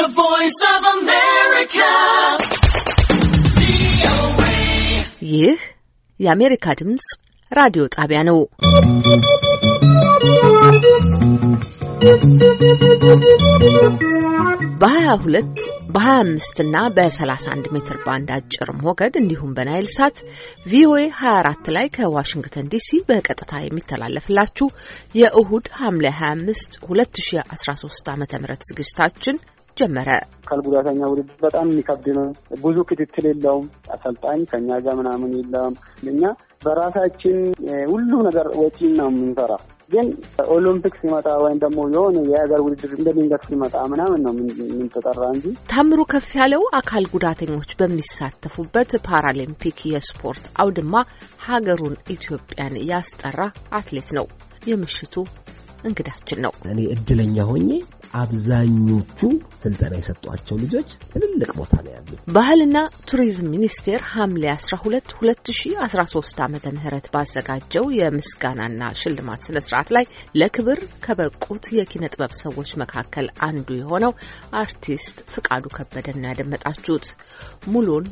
The Voice of America. ይህ የአሜሪካ ድምጽ ራዲዮ ጣቢያ ነው። በ22 በ25 እና በ31 ሜትር ባንድ አጭር ሞገድ እንዲሁም በናይል ሳት ቪኦኤ 24 ላይ ከዋሽንግተን ዲሲ በቀጥታ የሚተላለፍላችሁ የእሁድ ሐምሌ 25 2013 ዓ.ም ዝግጅታችን ጀመረ። አካል ጉዳተኛ ውድድር በጣም የሚከብድ ነው። ብዙ ክትትል የለውም። አሰልጣኝ ከኛ ጋር ምናምን የለም። እኛ በራሳችን ሁሉ ነገር ወጪ ነው የምንሰራ ግን ኦሎምፒክ ሲመጣ ወይም ደግሞ የሆነ የሀገር ውድድር እንደሚንገት ሲመጣ ምናምን ነው የምንተጠራ እንጂ። ታምሩ ከፍ ያለው አካል ጉዳተኞች በሚሳተፉበት ፓራሊምፒክ የስፖርት አውድማ ሀገሩን ኢትዮጵያን ያስጠራ አትሌት ነው። የምሽቱ እንግዳችን ነው። እኔ እድለኛ ሆኜ አብዛኞቹ ስልጠና የሰጧቸው ልጆች ትልልቅ ቦታ ነው ያሉት። ባህልና ቱሪዝም ሚኒስቴር ሐምሌ 12 2013 ዓ ምህረት ባዘጋጀው የምስጋናና ሽልማት ስነ ስርዓት ላይ ለክብር ከበቁት የኪነ ጥበብ ሰዎች መካከል አንዱ የሆነው አርቲስት ፍቃዱ ከበደን ነው ያደመጣችሁት ሙሉን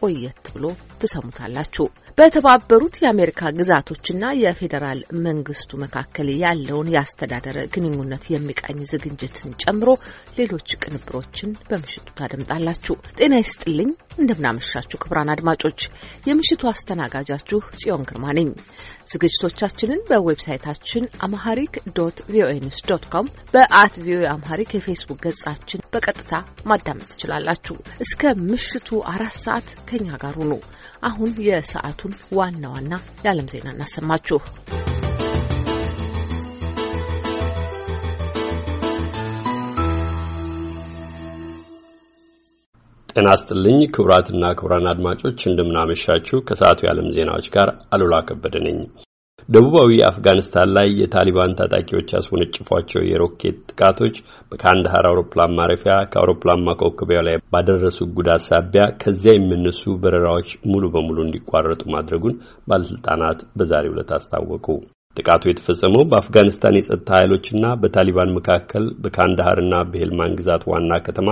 ቆየት ብሎ ትሰሙታላችሁ። በተባበሩት የአሜሪካ ግዛቶችና የፌዴራል መንግስቱ መካከል ያለውን የአስተዳደር ግንኙነት የሚቃኝ ዝግጅትን ጨምሮ ሌሎች ቅንብሮችን በምሽቱ ታደምጣላችሁ። ጤና ይስጥልኝ። እንደምናመሻችሁ ክቡራን አድማጮች፣ የምሽቱ አስተናጋጃችሁ ጽዮን ግርማ ነኝ። ዝግጅቶቻችንን በዌብሳይታችን አምሃሪክ ዶት ቪኦኤ ኒውስ ዶት ኮም በአት ቪኦኤ አምሃሪክ የፌስቡክ ገጻችን በቀጥታ ማዳመጥ ትችላላችሁ። እስከ ምሽቱ አራት ሰዓት ከኛ ጋር ሁኑ። አሁን የሰዓቱን ዋና ዋና የዓለም ዜና እናሰማችሁ። ጤና ስጥልኝ ክቡራትና ክቡራን አድማጮች እንደምናመሻችሁ። ከሰዓቱ የዓለም ዜናዎች ጋር አሉላ ከበደ ነኝ። ደቡባዊ አፍጋኒስታን ላይ የታሊባን ታጣቂዎች ያስወነጭፏቸው የሮኬት ጥቃቶች በካንዳሃር አውሮፕላን ማረፊያ ከአውሮፕላን ማኮብኮቢያው ላይ ባደረሱ ጉዳት ሳቢያ ከዚያ የሚነሱ በረራዎች ሙሉ በሙሉ እንዲቋረጡ ማድረጉን ባለሥልጣናት በዛሬ ዕለት አስታወቁ። ጥቃቱ የተፈጸመው በአፍጋኒስታን የጸጥታ ኃይሎችና በታሊባን መካከል በካንዳሃርና በሄልማን ግዛት ዋና ከተማ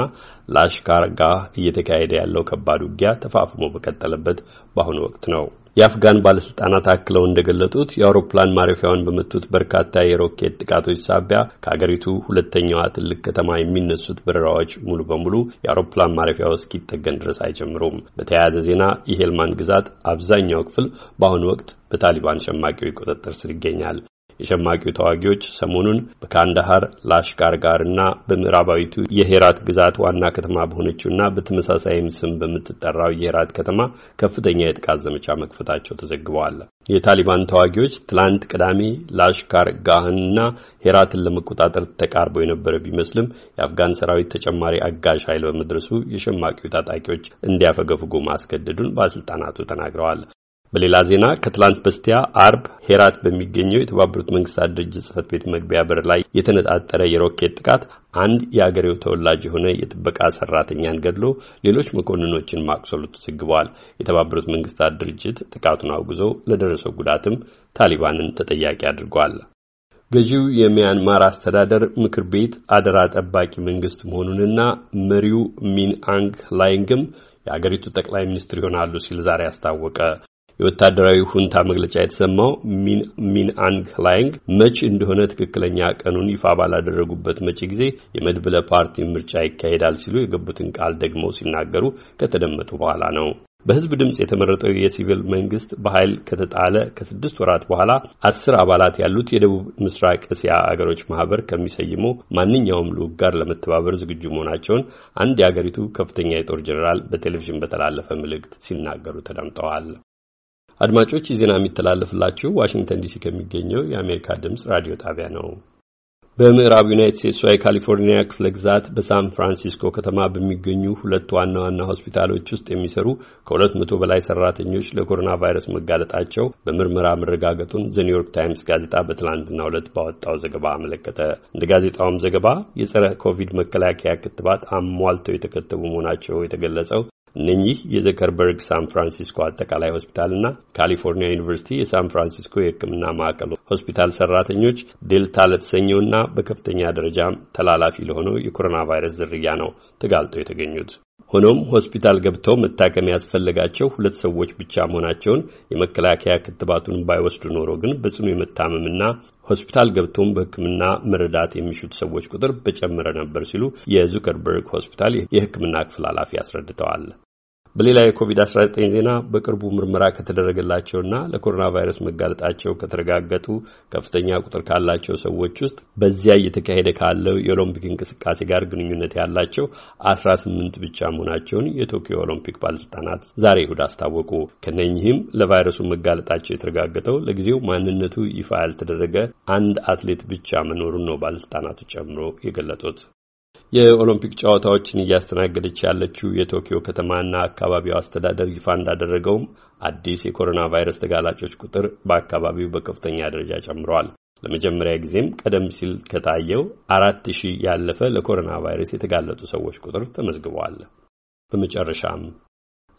ላሽካርጋህ እየተካሄደ ያለው ከባድ ውጊያ ተፋፍሞ በቀጠለበት በአሁኑ ወቅት ነው። የአፍጋን ባለስልጣናት አክለው እንደገለጡት የአውሮፕላን ማረፊያውን በመቱት በርካታ የሮኬት ጥቃቶች ሳቢያ ከአገሪቱ ሁለተኛዋ ትልቅ ከተማ የሚነሱት በረራዎች ሙሉ በሙሉ የአውሮፕላን ማረፊያው እስኪጠገን ድረስ አይጀምሩም። በተያያዘ ዜና የሄልማን ግዛት አብዛኛው ክፍል በአሁኑ ወቅት በታሊባን ሸማቂዎች ቁጥጥር ስር ይገኛል። የሸማቂው ተዋጊዎች ሰሞኑን በካንዳሃር ጋር እና በምዕራባዊቱ የሄራት ግዛት ዋና ከተማ በሆነችውና በተመሳሳይም ስም በምትጠራው የሄራት ከተማ ከፍተኛ የጥቃት ዘመቻ መክፈታቸው ተዘግበዋል። የታሊባን ተዋጊዎች ትላንት ቅዳሜ ላሽካር ጋህንና ሄራትን ለመቆጣጠር ተቃርበው የነበረ ቢመስልም የአፍጋን ሰራዊት ተጨማሪ አጋዥ ኃይል በመድረሱ የሸማቂው ታጣቂዎች እንዲያፈገፍጉ ማስገደዱን ባለስልጣናቱ ተናግረዋል። በሌላ ዜና ከትላንት በስቲያ አርብ ሄራት በሚገኘው የተባበሩት መንግስታት ድርጅት ጽህፈት ቤት መግቢያ በር ላይ የተነጣጠረ የሮኬት ጥቃት አንድ የአገሬው ተወላጅ የሆነ የጥበቃ ሰራተኛን ገድሎ ሌሎች መኮንኖችን ማቁሰሉ ተዘግበዋል። የተባበሩት መንግስታት ድርጅት ጥቃቱን አውግዞ ለደረሰው ጉዳትም ታሊባንን ተጠያቂ አድርጓል። ገዢው የሚያንማር አስተዳደር ምክር ቤት አደራ ጠባቂ መንግስት መሆኑንና መሪው ሚን አንግ ላይንግም የአገሪቱ ጠቅላይ ሚኒስትር ይሆናሉ ሲል ዛሬ አስታወቀ። የወታደራዊ ሁንታ መግለጫ የተሰማው ሚንአንግ ላይንግ መች እንደሆነ ትክክለኛ ቀኑን ይፋ ባላደረጉበት መጪ ጊዜ የመድብለ ፓርቲ ምርጫ ይካሄዳል ሲሉ የገቡትን ቃል ደግመው ሲናገሩ ከተደመጡ በኋላ ነው። በህዝብ ድምፅ የተመረጠው የሲቪል መንግስት በኃይል ከተጣለ ከስድስት ወራት በኋላ አስር አባላት ያሉት የደቡብ ምስራቅ እስያ አገሮች ማህበር ከሚሰይመው ማንኛውም ልዑክ ጋር ለመተባበር ዝግጁ መሆናቸውን አንድ የአገሪቱ ከፍተኛ የጦር ጀኔራል በቴሌቪዥን በተላለፈ መልእክት ሲናገሩ ተደምጠዋል። አድማጮች ዜና የሚተላለፍላችሁ ዋሽንግተን ዲሲ ከሚገኘው የአሜሪካ ድምፅ ራዲዮ ጣቢያ ነው። በምዕራብ ዩናይት ስቴትሷ የካሊፎርኒያ ክፍለ ግዛት በሳን ፍራንሲስኮ ከተማ በሚገኙ ሁለት ዋና ዋና ሆስፒታሎች ውስጥ የሚሰሩ ከሁለት መቶ በላይ ሰራተኞች ለኮሮና ቫይረስ መጋለጣቸው በምርመራ መረጋገጡን ኒውዮርክ ታይምስ ጋዜጣ በትናንትናው ዕለት ባወጣው ዘገባ አመለከተ። እንደ ጋዜጣውም ዘገባ የጸረ ኮቪድ መከላከያ ክትባት አሟልተው የተከተቡ መሆናቸው የተገለጸው እነኚህ የዘከርበርግ ሳን ፍራንሲስኮ አጠቃላይ ሆስፒታልና ካሊፎርኒያ ዩኒቨርሲቲ የሳን ፍራንሲስኮ የሕክምና ማዕከል ሆስፒታል ሰራተኞች ዴልታ ለተሰኘውና በከፍተኛ ደረጃም ተላላፊ ለሆነው የኮሮና ቫይረስ ዝርያ ነው ተጋልጠው የተገኙት። ሆኖም ሆስፒታል ገብተው መታከም ያስፈለጋቸው ሁለት ሰዎች ብቻ መሆናቸውን የመከላከያ ክትባቱን ባይወስዱ ኖሮ ግን በጽኑ የመታመምና ሆስፒታል ገብቶም በሕክምና መረዳት የሚሹት ሰዎች ቁጥር በጨመረ ነበር ሲሉ የዙከርበርግ ሆስፒታል የሕክምና ክፍል ኃላፊ አስረድተዋል። በሌላ የኮቪድ-19 ዜና በቅርቡ ምርመራ ከተደረገላቸውና ለኮሮና ቫይረስ መጋለጣቸው ከተረጋገጡ ከፍተኛ ቁጥር ካላቸው ሰዎች ውስጥ በዚያ እየተካሄደ ካለው የኦሎምፒክ እንቅስቃሴ ጋር ግንኙነት ያላቸው 18 ብቻ መሆናቸውን የቶኪዮ ኦሎምፒክ ባለስልጣናት ዛሬ እሁድ አስታወቁ። ከነኚህም ለቫይረሱ መጋለጣቸው የተረጋገጠው ለጊዜው ማንነቱ ይፋ ያልተደረገ አንድ አትሌት ብቻ መኖሩን ነው ባለስልጣናቱ ጨምሮ የገለጡት። የኦሎምፒክ ጨዋታዎችን እያስተናገደች ያለችው የቶኪዮ ከተማና አካባቢው አስተዳደር ይፋ እንዳደረገውም አዲስ የኮሮና ቫይረስ ተጋላጮች ቁጥር በአካባቢው በከፍተኛ ደረጃ ጨምረዋል። ለመጀመሪያ ጊዜም ቀደም ሲል ከታየው አራት ሺህ ያለፈ ለኮሮና ቫይረስ የተጋለጡ ሰዎች ቁጥር ተመዝግበዋል። በመጨረሻም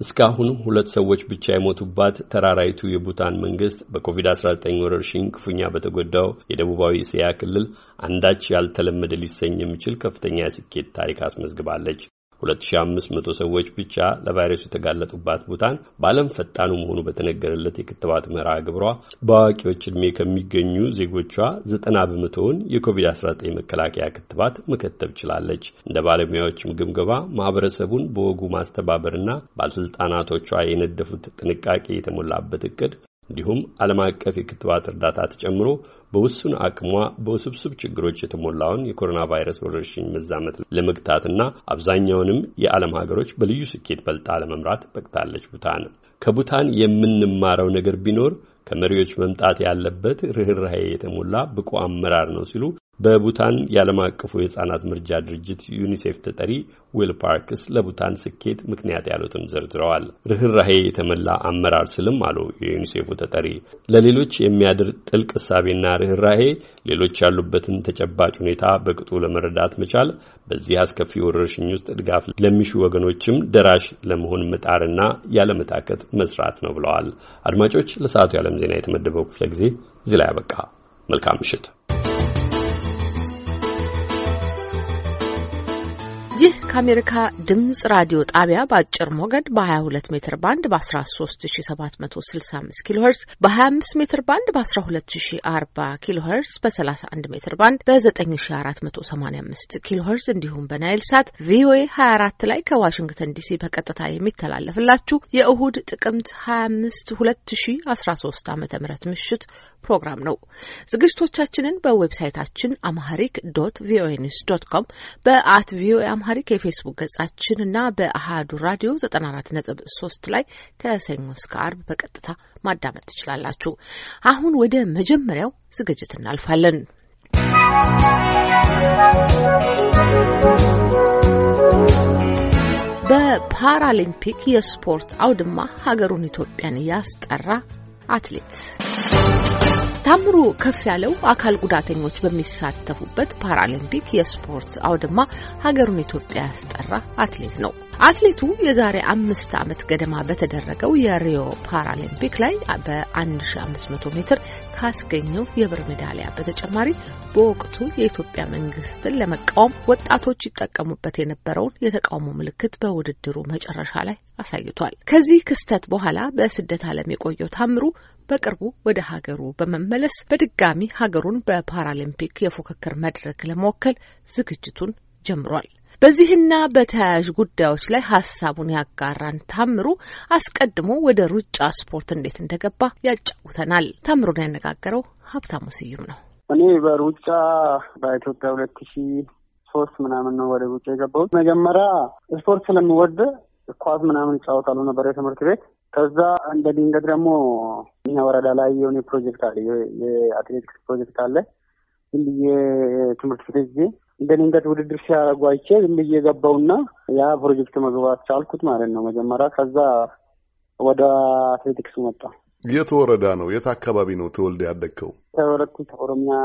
እስካሁን ሁለት ሰዎች ብቻ የሞቱባት ተራራይቱ የቡታን መንግስት በኮቪድ-19 ወረርሽኝ ክፉኛ በተጎዳው የደቡባዊ እስያ ክልል አንዳች ያልተለመደ ሊሰኝ የሚችል ከፍተኛ ስኬት ታሪክ አስመዝግባለች። 2500 ሰዎች ብቻ ለቫይረሱ የተጋለጡባት ቡታን በዓለም ፈጣኑ መሆኑ በተነገረለት የክትባት መርሃ ግብሯ በአዋቂዎች ዕድሜ ከሚገኙ ዜጎቿ 90 በመቶውን የኮቪድ-19 መከላከያ ክትባት መከተብ ችላለች። እንደ ባለሙያዎችም ግምገባ ማህበረሰቡን በወጉ ማስተባበርና ባለስልጣናቶቿ የነደፉት ጥንቃቄ የተሞላበት እቅድ እንዲሁም ዓለም አቀፍ የክትባት እርዳታ ተጨምሮ በውሱን አቅሟ በውስብስብ ችግሮች የተሞላውን የኮሮና ቫይረስ ወረርሽኝ መዛመት ለመግታትና አብዛኛውንም የዓለም ሀገሮች በልዩ ስኬት በልጣ ለመምራት በቅታለች። ቡታን ከቡታን የምንማረው ነገር ቢኖር ከመሪዎች መምጣት ያለበት ርኅራሄ የተሞላ ብቁ አመራር ነው ሲሉ በቡታን የዓለም አቀፉ የሕፃናት ምርጃ ድርጅት ዩኒሴፍ ተጠሪ ዊል ፓርክስ ለቡታን ስኬት ምክንያት ያሉትን ዘርዝረዋል። ርኅራሄ የተሞላ አመራር ስልም አሉ የዩኒሴፉ ተጠሪ ለሌሎች የሚያድር ጥልቅ እሳቤና ርኅራሄ፣ ሌሎች ያሉበትን ተጨባጭ ሁኔታ በቅጡ ለመረዳት መቻል፣ በዚህ አስከፊ ወረርሽኝ ውስጥ ድጋፍ ለሚሹ ወገኖችም ደራሽ ለመሆን መጣርና ያለመታከት መስራት ነው ብለዋል። አድማጮች፣ ለሰዓቱ የዓለም ዜና የተመደበው ክፍለ ጊዜ እዚህ ላይ አበቃ። መልካም ምሽት። ይህ ከአሜሪካ ድምፅ ራዲዮ ጣቢያ በአጭር ሞገድ በ22 ሜትር ባንድ በ13765 ኪሎ ሄርዝ በ25 ሜትር ባንድ በ1240 ኪሎ ሄርዝ በ31 ሜትር ባንድ በ9485 ኪሎ ሄርዝ እንዲሁም በናይል ሳት ቪኦኤ 24 ላይ ከዋሽንግተን ዲሲ በቀጥታ የሚተላለፍላችሁ የእሁድ ጥቅምት 25 2013 ዓ ም ምሽት ፕሮግራም ነው። ዝግጅቶቻችንን በዌብሳይታችን አምሃሪክ ዶት ቪኦኤ ኒውስ ዶት ኮም በአት ቪኦኤ አምሃሪክ የፌስቡክ ገጻችን እና በአሃዱ ራዲዮ 94.3 ላይ ከሰኞ እስከ አርብ በቀጥታ ማዳመጥ ትችላላችሁ። አሁን ወደ መጀመሪያው ዝግጅት እናልፋለን። በፓራሊምፒክ የስፖርት አውድማ ሀገሩን ኢትዮጵያን ያስጠራ አትሌት ታምሩ ከፍ ያለው አካል ጉዳተኞች በሚሳተፉበት ፓራሊምፒክ የስፖርት አውድማ ሀገሩን ኢትዮጵያ ያስጠራ አትሌት ነው። አትሌቱ የዛሬ አምስት ዓመት ገደማ በተደረገው የሪዮ ፓራሊምፒክ ላይ በ1500 ሜትር ካስገኘው የብር ሜዳሊያ በተጨማሪ በወቅቱ የኢትዮጵያ መንግስትን ለመቃወም ወጣቶች ይጠቀሙበት የነበረውን የተቃውሞ ምልክት በውድድሩ መጨረሻ ላይ አሳይቷል። ከዚህ ክስተት በኋላ በስደት ዓለም የቆየው ታምሩ በቅርቡ ወደ ሀገሩ በመመለስ በድጋሚ ሀገሩን በፓራሊምፒክ የፉክክር መድረክ ለመወከል ዝግጅቱን ጀምሯል። በዚህና በተያያዥ ጉዳዮች ላይ ሀሳቡን ያጋራን ታምሩ አስቀድሞ ወደ ሩጫ ስፖርት እንዴት እንደገባ ያጫውተናል። ታምሩን ያነጋገረው ሀብታሙ ስዩም ነው። እኔ በሩጫ በኢትዮጵያ ሁለት ሺ ሶስት ምናምን ነው ወደ ሩጫ የገባሁት። መጀመሪያ ስፖርት ስለምወድ ኳስ ምናምን ይጫወታሉ ነበር የትምህርት ቤት። ከዛ እንደ ድንገት ደግሞ እኛ ወረዳ ላይ የሆነ ፕሮጀክት አለ፣ የአትሌቲክስ ፕሮጀክት አለ። ዝም ብዬ ትምህርት ቤት ጊዜ እንደ ድንገት ውድድር ሲያደርጉ አይቼ ዝም ብዬ ገባውና ያ ፕሮጀክት መግባት ቻልኩት ማለት ነው መጀመሪያ። ከዛ ወደ አትሌቲክስ መጣ። የት ወረዳ ነው? የት አካባቢ ነው ተወልደ ያደግከው? ተወለድኩት ኦሮሚያ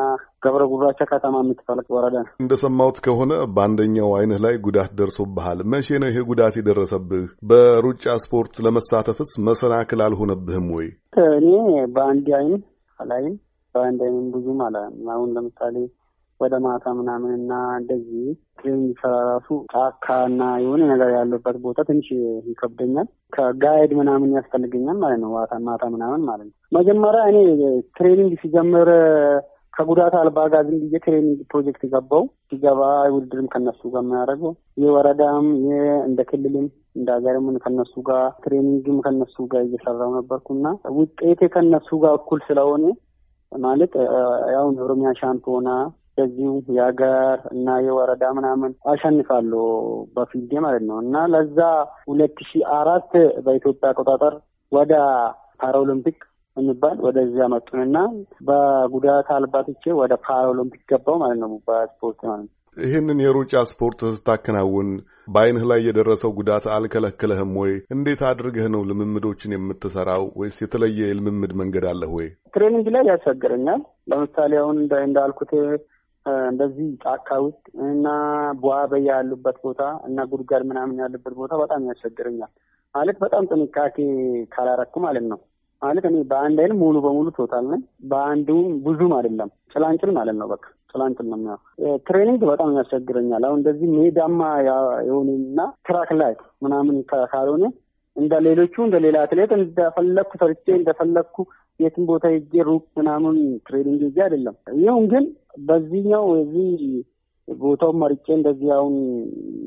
ገብረ ጉራቻ ከተማ የምትፈለቅ ወረዳ ነው። እንደሰማሁት ከሆነ በአንደኛው ዓይንህ ላይ ጉዳት ደርሶብሃል። መቼ ነው ይሄ ጉዳት የደረሰብህ? በሩጫ ስፖርት ለመሳተፍስ መሰናክል አልሆነብህም ወይ? እኔ በአንድ አይን አላይም፣ በአንድ አይን ብዙም አላ አሁን ለምሳሌ ወደ ማታ ምናምን እና እንደዚህ ራሱ ጫካ እና የሆነ ነገር ያለበት ቦታ ትንሽ ይከብደኛል። ከጋይድ ምናምን ያስፈልገኛል ማለት ነው። ማታ ማታ ምናምን ማለት ነው። መጀመሪያ እኔ ትሬኒንግ ሲጀምር ከጉዳት አልባ ጋር ዝም ብዬ ትሬኒንግ ፕሮጀክት ገባው። ሲገባ ውድድርም ከነሱ ጋር የምናደርገው የወረዳም እንደ ክልልም እንደ ሀገርም ከነሱ ጋር ትሬኒንግም ከነሱ ጋር እየሰራው ነበርኩና ውጤቴ ከነሱ ጋር እኩል ስለሆነ ማለት ያው ኦሮሚያ ሻምፒዮና በዚሁ የሀገር እና የወረዳ ምናምን አሸንፋሉ በፊልዴ ማለት ነው እና ለዛ ሁለት ሺ አራት በኢትዮጵያ አቆጣጠር ወደ ፓራኦሎምፒክ የሚባል ወደዚያ መጡንና በጉዳት አልባትቼ ወደ ፓራኦሎምፒክ ገባው ማለት ነው በስፖርት ማለት ነው። ይህንን የሩጫ ስፖርት ስታከናውን በአይንህ ላይ የደረሰው ጉዳት አልከለከለህም ወይ? እንዴት አድርገህ ነው ልምምዶችን የምትሰራው? ወይስ የተለየ የልምምድ መንገድ አለህ ወይ? ትሬኒንግ ላይ ያስቸግረኛል። ለምሳሌ አሁን እንዳልኩት እንደዚህ ጫካ ውስጥ እና ቧበያ ያሉበት ቦታ እና ጉድጓድ ምናምን ያለበት ቦታ በጣም ያስቸግረኛል። ማለት በጣም ጥንቃቄ ካላረኩ ማለት ነው። ማለት እኔ በአንድ አይን ሙሉ በሙሉ ቶታል ነኝ፣ በአንዱም ብዙም አይደለም ጭላንጭል ማለት ነው። በቃ ጭላንጭል ነው የሚሆነው። ትሬኒንግ በጣም ያስቸግረኛል። አሁን እንደዚህ ሜዳማ የሆነና ትራክ ላይ ምናምን ካልሆነ እንደ ሌሎቹ እንደ ሌላ አትሌት እንደፈለግኩ ሰርቼ እንደፈለግኩ የትም ቦታ ሄጄ ሩቅ ምናምን ትሬኒንግ ሄጄ አይደለም። ይሁን ግን በዚህኛው እዚህ ቦታውን መርጬ እንደዚህ አሁን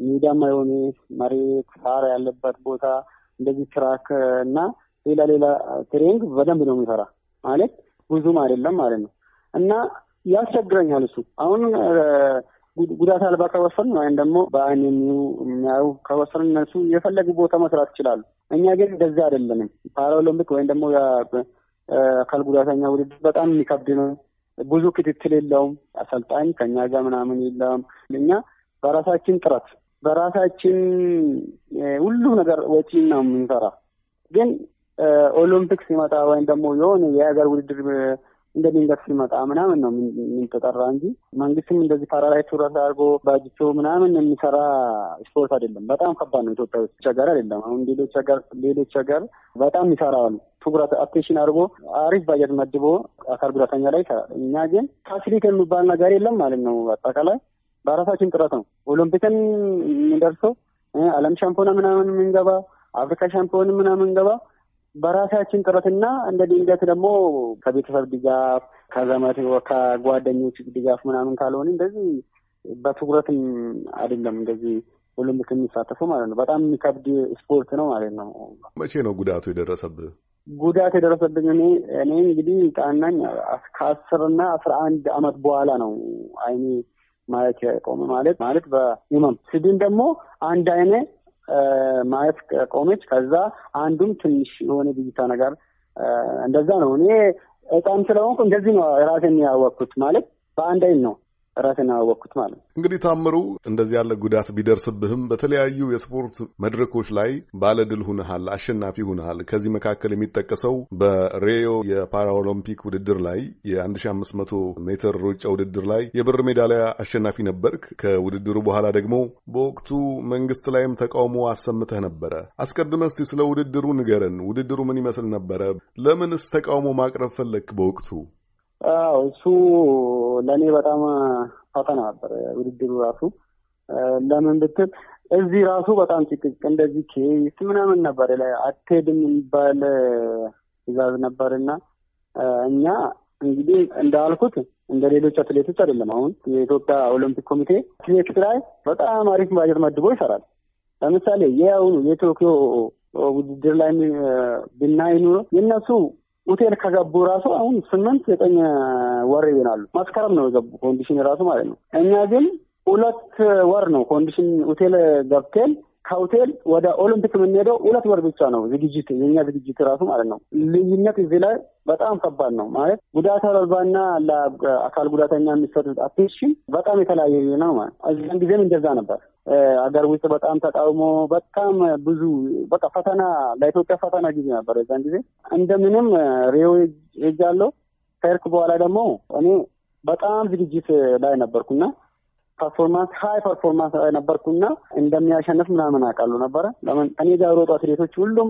ሜዳማ የሆነ መሬት ሳር ያለበት ቦታ እንደዚህ ትራክ እና ሌላ ሌላ ትሬኒንግ በደንብ ነው የሚሰራ ማለት ብዙም አይደለም ማለት ነው እና ያስቸግረኛል እሱ አሁን ጉዳት አልባ ከወሰን ወይም ደግሞ በአይን የሚያዩ ከወሰን እነሱ የፈለጉ ቦታ መስራት ይችላሉ። እኛ ግን እንደዚህ አይደለንም። ፓራኦሎምፒክ ወይም ደግሞ አካል ጉዳተኛ ውድድር በጣም የሚከብድ ነው። ብዙ ክትትል የለውም። አሰልጣኝ ከኛ ጋር ምናምን የለም። እኛ በራሳችን ጥረት በራሳችን ሁሉ ነገር ወጪ ነው የምንሰራ። ግን ኦሎምፒክ ሲመጣ ወይም ደግሞ የሆነ የሀገር ውድድር እንደ ድንገት ሲመጣ ምናምን ነው የምንተጠራ እንጂ መንግስትም እንደዚህ ፓራላይ ቱረት አድርጎ ባጅቶ ምናምን የሚሰራ ስፖርት አይደለም። በጣም ከባድ ነው። ኢትዮጵያ ውስጥ ቸገር አይደለም። አሁን ሌሎች ሀገር ሌሎች ሀገር በጣም ይሰራሉ። ትኩረት አቴንሽን አድርጎ አሪፍ ባጀት መድቦ አካል ጉዳተኛ ላይ እኛ ግን ፋሲሊቲ የሚባል ነገር የለም ማለት ነው። አጠቃላይ በራሳችን ጥረት ነው ኦሎምፒክን የምንደርሰው ዓለም ሻምፒዮና ምናምን የምንገባ አፍሪካ ሻምፒዮን ምናምን የምንገባ በራሳችን ጥረትና እንደ ድንገት ደግሞ ከቤተሰብ ድጋፍ ከዘመድ ከጓደኞች ድጋፍ ምናምን ካልሆነ እንደዚህ በትኩረትም አይደለም እንደዚህ ሁሉም የሚሳተፉ ማለት ነው። በጣም የሚከብድ ስፖርት ነው ማለት ነው። መቼ ነው ጉዳቱ የደረሰብህ? ጉዳት የደረሰብኝ እኔ እኔ እንግዲህ ጣናኝ ከአስርና አስራ አንድ አመት በኋላ ነው አይኔ ማየት ቆመ ማለት ማለት በኢማም ስድን ደግሞ አንድ አይኔ ማየት ቆመች። ከዛ አንዱም ትንሽ የሆነ ብይታ ነገር እንደዛ ነው። እኔ ህፃን ስለሆንኩ እንደዚህ ነው ራሴን ያወቅኩት ማለት በአንድ አይን ነው ራሴን አወቅኩት ማለት ነው። እንግዲህ ታምሩ፣ እንደዚህ ያለ ጉዳት ቢደርስብህም በተለያዩ የስፖርት መድረኮች ላይ ባለድል ሁንሃል፣ አሸናፊ ሁንሃል። ከዚህ መካከል የሚጠቀሰው በሬዮ የፓራኦሎምፒክ ውድድር ላይ የ1500 ሜትር ሩጫ ውድድር ላይ የብር ሜዳሊያ አሸናፊ ነበርክ። ከውድድሩ በኋላ ደግሞ በወቅቱ መንግስት ላይም ተቃውሞ አሰምተህ ነበረ። አስቀድመ እስቲ ስለ ውድድሩ ንገረን። ውድድሩ ምን ይመስል ነበረ? ለምንስ ተቃውሞ ማቅረብ ፈለግክ በወቅቱ? አዎ እሱ ለእኔ በጣም ፈተና ነበር ውድድሩ ራሱ። ለምን ብትል እዚህ ራሱ በጣም ጭቅጭቅ እንደዚህ ኬስ ምናምን ነበር፣ አትሄድም የሚባል ትእዛዝ ነበር እና እኛ እንግዲህ እንዳልኩት እንደ ሌሎች አትሌቶች አይደለም። አሁን የኢትዮጵያ ኦሎምፒክ ኮሚቴ አትሌቲክስ ላይ በጣም አሪፍ ባጀት መድቦ ይሰራል። ለምሳሌ የአሁኑ የቶኪዮ ውድድር ላይ ብናይ ኑሮ የእነሱ ሆቴል ከገቡ ራሱ አሁን ስምንት ዘጠኝ ወር ይሆናሉ። መስከረም ነው የገቡ ኮንዲሽን ራሱ ማለት ነው። እኛ ግን ሁለት ወር ነው ኮንዲሽን ሆቴል ገብቴል ከሆቴል ወደ ኦሎምፒክ የምንሄደው ሁለት ወር ብቻ ነው ዝግጅት የኛ ዝግጅት ራሱ ማለት ነው። ልዩነት እዚህ ላይ በጣም ከባድ ነው ማለት ጉዳት አልባና ለአካል ጉዳተኛ የሚሰጡት አፕሽን በጣም የተለያየ ነው ማለት እዚያን ጊዜም እንደዛ ነበር። አገር ውስጥ በጣም ተቃውሞ በጣም ብዙ በቃ ፈተና ለኢትዮጵያ ፈተና ጊዜ ነበር። የዛን ጊዜ እንደምንም ሪዮ ሄጃለሁ። ከሄድኩ በኋላ ደግሞ እኔ በጣም ዝግጅት ላይ ነበርኩና ፐርፎርማንስ ሀይ ፐርፎርማንስ ላይ ነበርኩና እንደሚያሸንፍ ምናምን አውቃለሁ ነበረ። ለምን እኔ ጋር የሮጡ አትሌቶች ሁሉም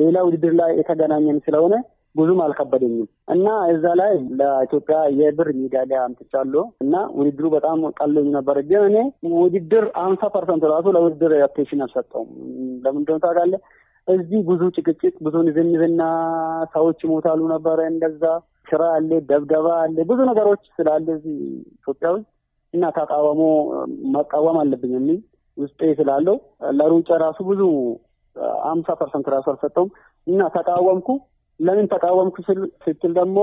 ሌላ ውድድር ላይ የተገናኘን ስለሆነ ብዙም አልከበደኝም እና እዛ ላይ ለኢትዮጵያ የብር ሜዳሊያ አምጥቻለሁ እና ውድድሩ በጣም ቀሎኝ ነበር። ግን እኔ ውድድር አምሳ ፐርሰንት ራሱ ለውድድር አቴንሽን አልሰጠውም። ለምን እንደሆነ ታውቃለህ? እዚህ ብዙ ጭቅጭቅ፣ ብዙ ንዝንዝና ሰዎች ይሞታሉ ነበረ። እንደዛ ስራ አለ፣ ደብደባ አለ፣ ብዙ ነገሮች ስላለ እዚህ ኢትዮጵያ ውስጥ እና ተቃወሞ መቃወም አለብኝ የሚል ውስጤ ስላለው ለሩጫ ራሱ ብዙ አምሳ ፐርሰንት ራሱ አልሰጠውም እና ተቃወምኩ። ለምን ተቃወምኩ ስትል ደግሞ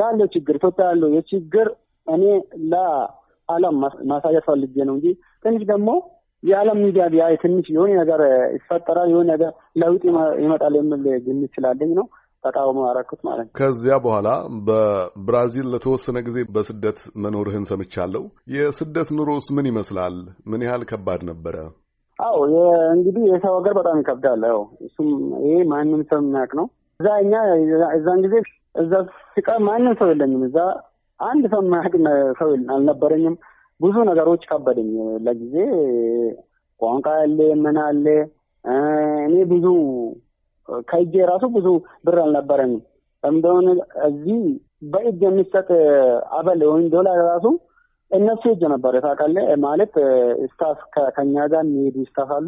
ያለው ችግር ኢትዮጵያ ያለው የችግር እኔ ለዓለም ማሳየት ፈልጌ ነው እንጂ ትንሽ ደግሞ የዓለም ሚዲያ ቢያይ ትንሽ የሆነ ነገር ይፈጠራል፣ የሆነ ነገር ለውጥ ይመጣል የሚል ግምት ስላለኝ ነው ተቃውሞ ያደረኩት ማለት ነው። ከዚያ በኋላ በብራዚል ለተወሰነ ጊዜ በስደት መኖርህን ሰምቻለሁ። የስደት ኑሮስ ምን ይመስላል? ምን ያህል ከባድ ነበረ? አዎ እንግዲህ የሰው ሀገር በጣም ይከብዳል። ያው እሱም ይሄ ማንም ሰው የሚያውቅ ነው። እዛ እኛ እዛን ጊዜ እዛ ሲቃ ማንም ሰው የለኝም። እዛ አንድ ሰው የማያውቅ ሰው አልነበረኝም። ብዙ ነገሮች ከበደኝ። ለጊዜ ቋንቋ ያለ ምን አለ እኔ ብዙ ከእጄ ራሱ ብዙ ብር አልነበረኝም። እንደሆነ እዚህ በእጅ የሚሰጥ አበል ወይም ዶላር ራሱ እነሱ እጅ ነበረ። ታውቃለህ ማለት ስታፍ ከኛ ጋር የሚሄዱ ስታፍ አሉ።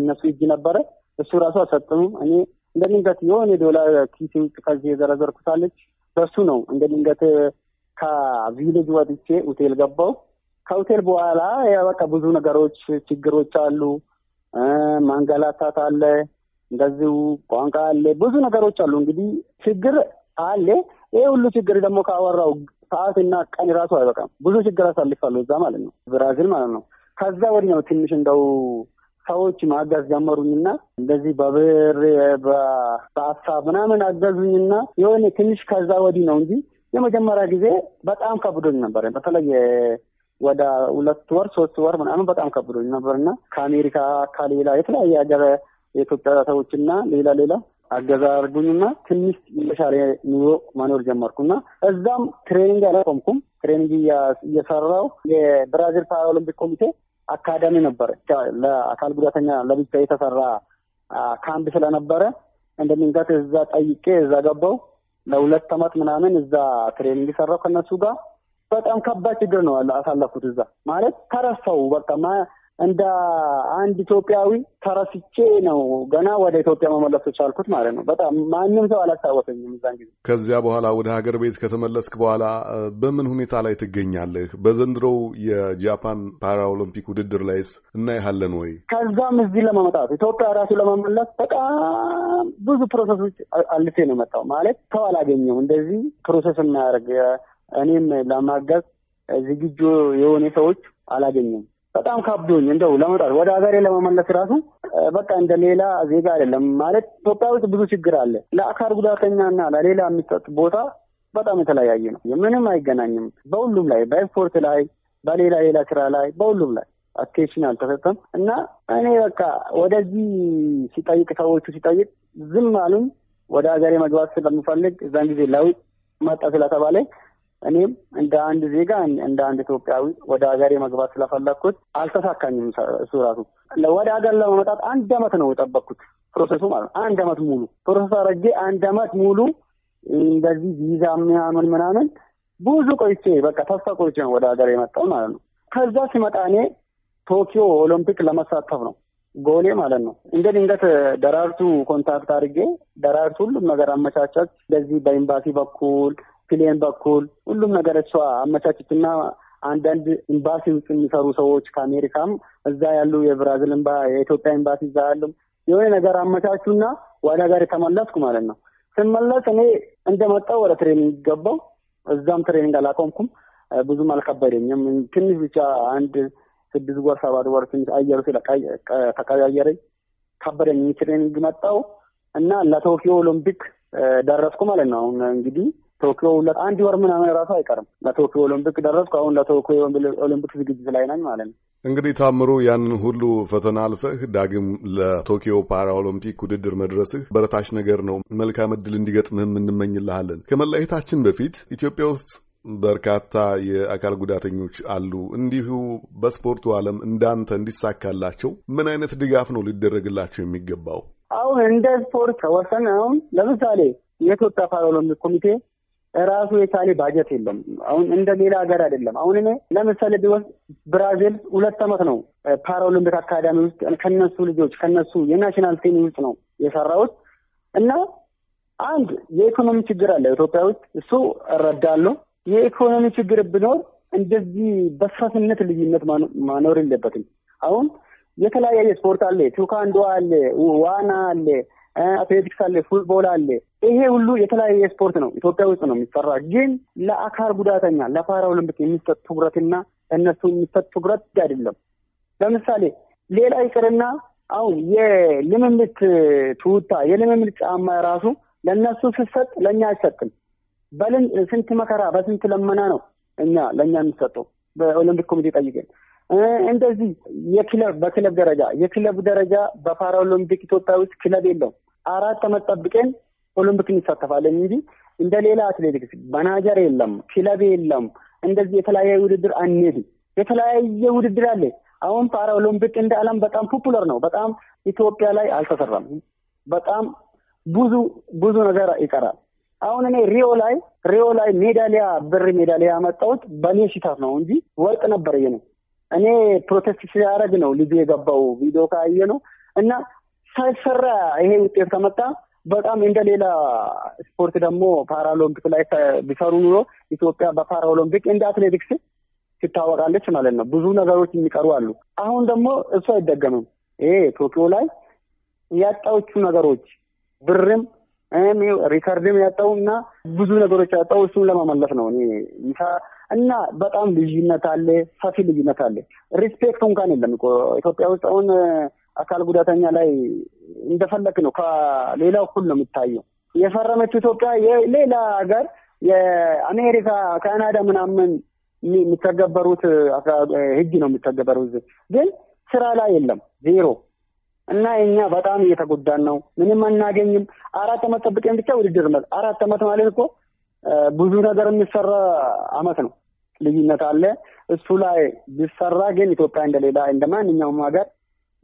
እነሱ እጅ ነበረ። እሱ ራሱ አሰጥሙ እኔ እንደ ድንገት የሆነ ዶላር ኪሴ ውጭ ከዚህ የዘረዘርኩታለች በሱ ነው እንደ ድንገት ከቪሌጅ ወጥቼ ሆቴል ገባው። ከሆቴል በኋላ በቃ ብዙ ነገሮች ችግሮች አሉ። ማንገላታት አለ፣ እንደዚሁ ቋንቋ አለ፣ ብዙ ነገሮች አሉ። እንግዲህ ችግር አለ። ይህ ሁሉ ችግር ደግሞ ካወራው ሰዓትና ቀን ራሱ አይበቃም። ብዙ ችግር አሳልፋለሁ እዛ ማለት ነው፣ ብራዚል ማለት ነው። ከዛ ወዲህ ነው ትንሽ እንደው ሰዎች ማገዝ ጀመሩኝና እንደዚህ በብር በሀሳብ ምናምን አገዙኝና የሆነ ትንሽ ከዛ ወዲህ ነው እንጂ የመጀመሪያ ጊዜ በጣም ከብዶኝ ነበር። በተለይ ወደ ሁለት ወር ሶስት ወር ምናምን በጣም ከብዶኝ ነበርና ከአሜሪካ ከሌላ የተለያየ ሀገር የኢትዮጵያ ሰዎችና ሌላ ሌላ አገዛ አድርጉኝና ትንሽ የተሻለ ኑሮ መኖር ጀመርኩና እዛም ትሬኒንግ አላቆምኩም። ትሬኒንግ እየሰራው የብራዚል ፓራኦሎምፒክ ኮሚቴ አካዳሚ ነበር። ለአካል ጉዳተኛ ለብቻ የተሰራ ካምፕ ስለነበረ እንደሚንጋት እዛ ጠይቄ እዛ ገባው። ለሁለት ዓመት ምናምን እዛ ትሬኒንግ ሰራው ከነሱ ጋር። በጣም ከባድ ችግር ነው አሳለፉት። እዛ ማለት ተረሳው በቃ እንደ አንድ ኢትዮጵያዊ ተረስቼ ነው ገና ወደ ኢትዮጵያ መመለስ ቻልኩት ማለት ነው። በጣም ማንም ሰው አላስታወሰኝም እዛን ጊዜ። ከዚያ በኋላ ወደ ሀገር ቤት ከተመለስክ በኋላ በምን ሁኔታ ላይ ትገኛለህ? በዘንድሮው የጃፓን ፓራኦሎምፒክ ውድድር ላይስ እናይሃለን ወይ? ከዛም እዚህ ለመመጣት ኢትዮጵያ ራሱ ለመመለስ በጣም ብዙ ፕሮሰሶች አልፌ ነው መጣው ማለት ሰው አላገኘው እንደዚህ ፕሮሰስ የማያደርግ እኔም ለማገዝ ዝግጁ የሆነ ሰዎች አላገኘም። በጣም ከብዶኝ እንደው ለመውጣት ወደ ሀገሬ ለመመለስ ራሱ በቃ እንደ ሌላ ዜጋ አይደለም ማለት። ኢትዮጵያ ውስጥ ብዙ ችግር አለ። ለአካል ጉዳተኛና ለሌላ የሚሰጥ ቦታ በጣም የተለያየ ነው። ምንም አይገናኝም። በሁሉም ላይ በስፖርት ላይ፣ በሌላ ሌላ ስራ ላይ፣ በሁሉም ላይ አቴንሽን አልተሰጠም እና እኔ በቃ ወደዚህ ሲጠይቅ ሰዎቹ ሲጠይቅ ዝም አሉም። ወደ ሀገሬ መግባት ስለምፈልግ እዛን ጊዜ ለውጥ መጣ ስለተባለ እኔም እንደ አንድ ዜጋ እንደ አንድ ኢትዮጵያዊ ወደ ሀገሬ መግባት ስለፈለግኩት አልተሳካኝም። እሱ ራሱ ወደ ሀገር ለመመጣት አንድ አመት ነው የጠበቅኩት ፕሮሰሱ ማለት ነው። አንድ አመት ሙሉ ፕሮሰሱ አረጌ አንድ አመት ሙሉ እንደዚህ ቪዛ ምናምን ምናምን ብዙ ቆይቼ በቃ ተስፋ ቆይቼ ነው ወደ ሀገር የመጣው ማለት ነው። ከዛ ሲመጣ እኔ ቶኪዮ ኦሎምፒክ ለመሳተፍ ነው ጎሌ ማለት ነው። እንደ ድንገት ደራርቱ ኮንታክት አድርጌ ደራርቱ ሁሉም ነገር አመቻቸት እንደዚህ በኤምባሲ በኩል ፕሌን በኩል ሁሉም ነገር እሷ አመቻችትና አንዳንድ ኤምባሲ ውጭ የሚሰሩ ሰዎች ከአሜሪካም እዛ ያሉ የብራዚል ኤምባ የኢትዮጵያ ኤምባሲ እዛ ያሉ የሆነ ነገር አመቻቹና ወደ ሀገር የተመለስኩ ማለት ነው። ስመለስ እኔ እንደመጣው ወደ ትሬኒንግ ገባው። እዛም ትሬኒንግ አላቆምኩም። ብዙም አልከበደኝም። ትንሽ ብቻ አንድ ስድስት ወር ሰባት ወር ትንሽ አየሩ ተቀያየረኝ ከበደኝ። ትሬኒንግ መጣው እና ለቶኪዮ ኦሎምፒክ ደረስኩ ማለት ነው። አሁን እንግዲህ ቶኪዮ አንድ ወር ምናምን ራሱ አይቀርም። ለቶኪዮ ኦሎምፒክ ደረስኩ። አሁን ለቶኪዮ ኦሎምፒክ ዝግጅት ላይ ነን ማለት ነው። እንግዲህ ታምሩ፣ ያንን ሁሉ ፈተና አልፈህ ዳግም ለቶኪዮ ፓራኦሎምፒክ ውድድር መድረስህ በረታሽ ነገር ነው። መልካም እድል እንዲገጥምህም እንመኝልሃለን። ከመለየታችን በፊት ኢትዮጵያ ውስጥ በርካታ የአካል ጉዳተኞች አሉ። እንዲሁ በስፖርቱ ዓለም እንዳንተ እንዲሳካላቸው ምን አይነት ድጋፍ ነው ሊደረግላቸው የሚገባው? አሁን እንደ ስፖርት ከወሰን አሁን ለምሳሌ የኢትዮጵያ ፓራኦሎምፒክ ኮሚቴ ራሱ የቻሌ ባጀት የለም። አሁን እንደ ሌላ ሀገር አይደለም። አሁን እኔ ለምሳሌ ቢወስድ ብራዚል ሁለት ዓመት ነው ፓራኦሎምፒክ አካዳሚ ውስጥ ከነሱ ልጆች ከነሱ የናሽናል ቲም ውስጥ ነው የሰራሁት እና አንድ የኢኮኖሚ ችግር አለ ኢትዮጵያ ውስጥ እሱ እረዳለሁ። የኢኮኖሚ ችግር ቢኖር እንደዚህ በስፋትነት ልዩነት ማኖር የለበትም። አሁን የተለያየ ስፖርት አለ። ቱካንዶ አለ፣ ዋና አለ፣ አትሌቲክስ አለ፣ ፉትቦል አለ። ይሄ ሁሉ የተለያየ ስፖርት ነው፣ ኢትዮጵያ ውስጥ ነው የሚሰራ። ግን ለአካል ጉዳተኛ ለፓራ ኦሎምፒክ የሚሰጥ ትኩረትና እነሱ የሚሰጥ ትኩረት አይደለም። ለምሳሌ ሌላ ይቅርና አሁን የልምምድ ቱታ የልምምድ ጫማ ራሱ ለእነሱ ስሰጥ ለእኛ አይሰጥም። በልን ስንት መከራ በስንት ለመና ነው እኛ ለእኛ የሚሰጠው በኦሎምፒክ ኮሚቴ ጠይቀን እንደዚህ የክለብ በክለብ ደረጃ የክለብ ደረጃ በፓራኦሎምፒክ ኢትዮጵያ ውስጥ ክለብ የለውም። አራት ዓመት ጠብቀን ኦሎምፒክ እንሳተፋለን እንጂ እንደ ሌላ አትሌቲክስ መናጀር የለም፣ ክለብ የለም። እንደዚህ የተለያየ ውድድር አንሄድም። የተለያየ ውድድር አለ። አሁን ፓራ ኦሎምፒክ እንደ ዓለም በጣም ፖፑለር ነው። በጣም ኢትዮጵያ ላይ አልተሰራም። በጣም ብዙ ብዙ ነገር ይቀራል። አሁን እኔ ሪዮ ላይ ሪዮ ላይ ሜዳሊያ ብር ሜዳሊያ ያመጣሁት በእኔ ሽታት ነው እንጂ ወርቅ ነበር ነው። እኔ ፕሮቴስት ሲያደርግ ነው ልጁ የገባው ቪዲዮ ካየ ነው እና ሳይሰራ ይሄ ውጤት ከመጣ በጣም እንደ ሌላ ስፖርት ደግሞ ፓራኦሎምፒክ ላይ ቢሰሩ ኑሮ ኢትዮጵያ በፓራኦሎምፒክ እንደ አትሌቲክስ ትታወቃለች ማለት ነው። ብዙ ነገሮች የሚቀሩ አሉ። አሁን ደግሞ እሱ አይደገምም። ይሄ ቶኪዮ ላይ ያጣዎቹ ነገሮች ብርም ሪከርድም ያጣው እና ብዙ ነገሮች ያጣው እሱን ለመመለስ ነው እና በጣም ልዩነት አለ፣ ሰፊ ልዩነት አለ። ሪስፔክቱ እንኳን የለም ኢትዮጵያ ውስጥ አሁን አካል ጉዳተኛ ላይ እንደፈለክ ነው። ከሌላው እኩል ነው የሚታየው። የፈረመችው ኢትዮጵያ የሌላ ሀገር የአሜሪካ ካናዳ ምናምን የሚተገበሩት ህግ ነው የሚተገበሩት፣ ግን ስራ ላይ የለም ዜሮ እና እኛ በጣም እየተጎዳን ነው። ምንም አናገኝም። አራት አመት ጠብቀን ብቻ ውድድር መ አራት አመት ማለት እኮ ብዙ ነገር የሚሰራ አመት ነው። ልዩነት አለ። እሱ ላይ ቢሰራ ግን ኢትዮጵያ እንደሌላ እንደ ማንኛውም ሀገር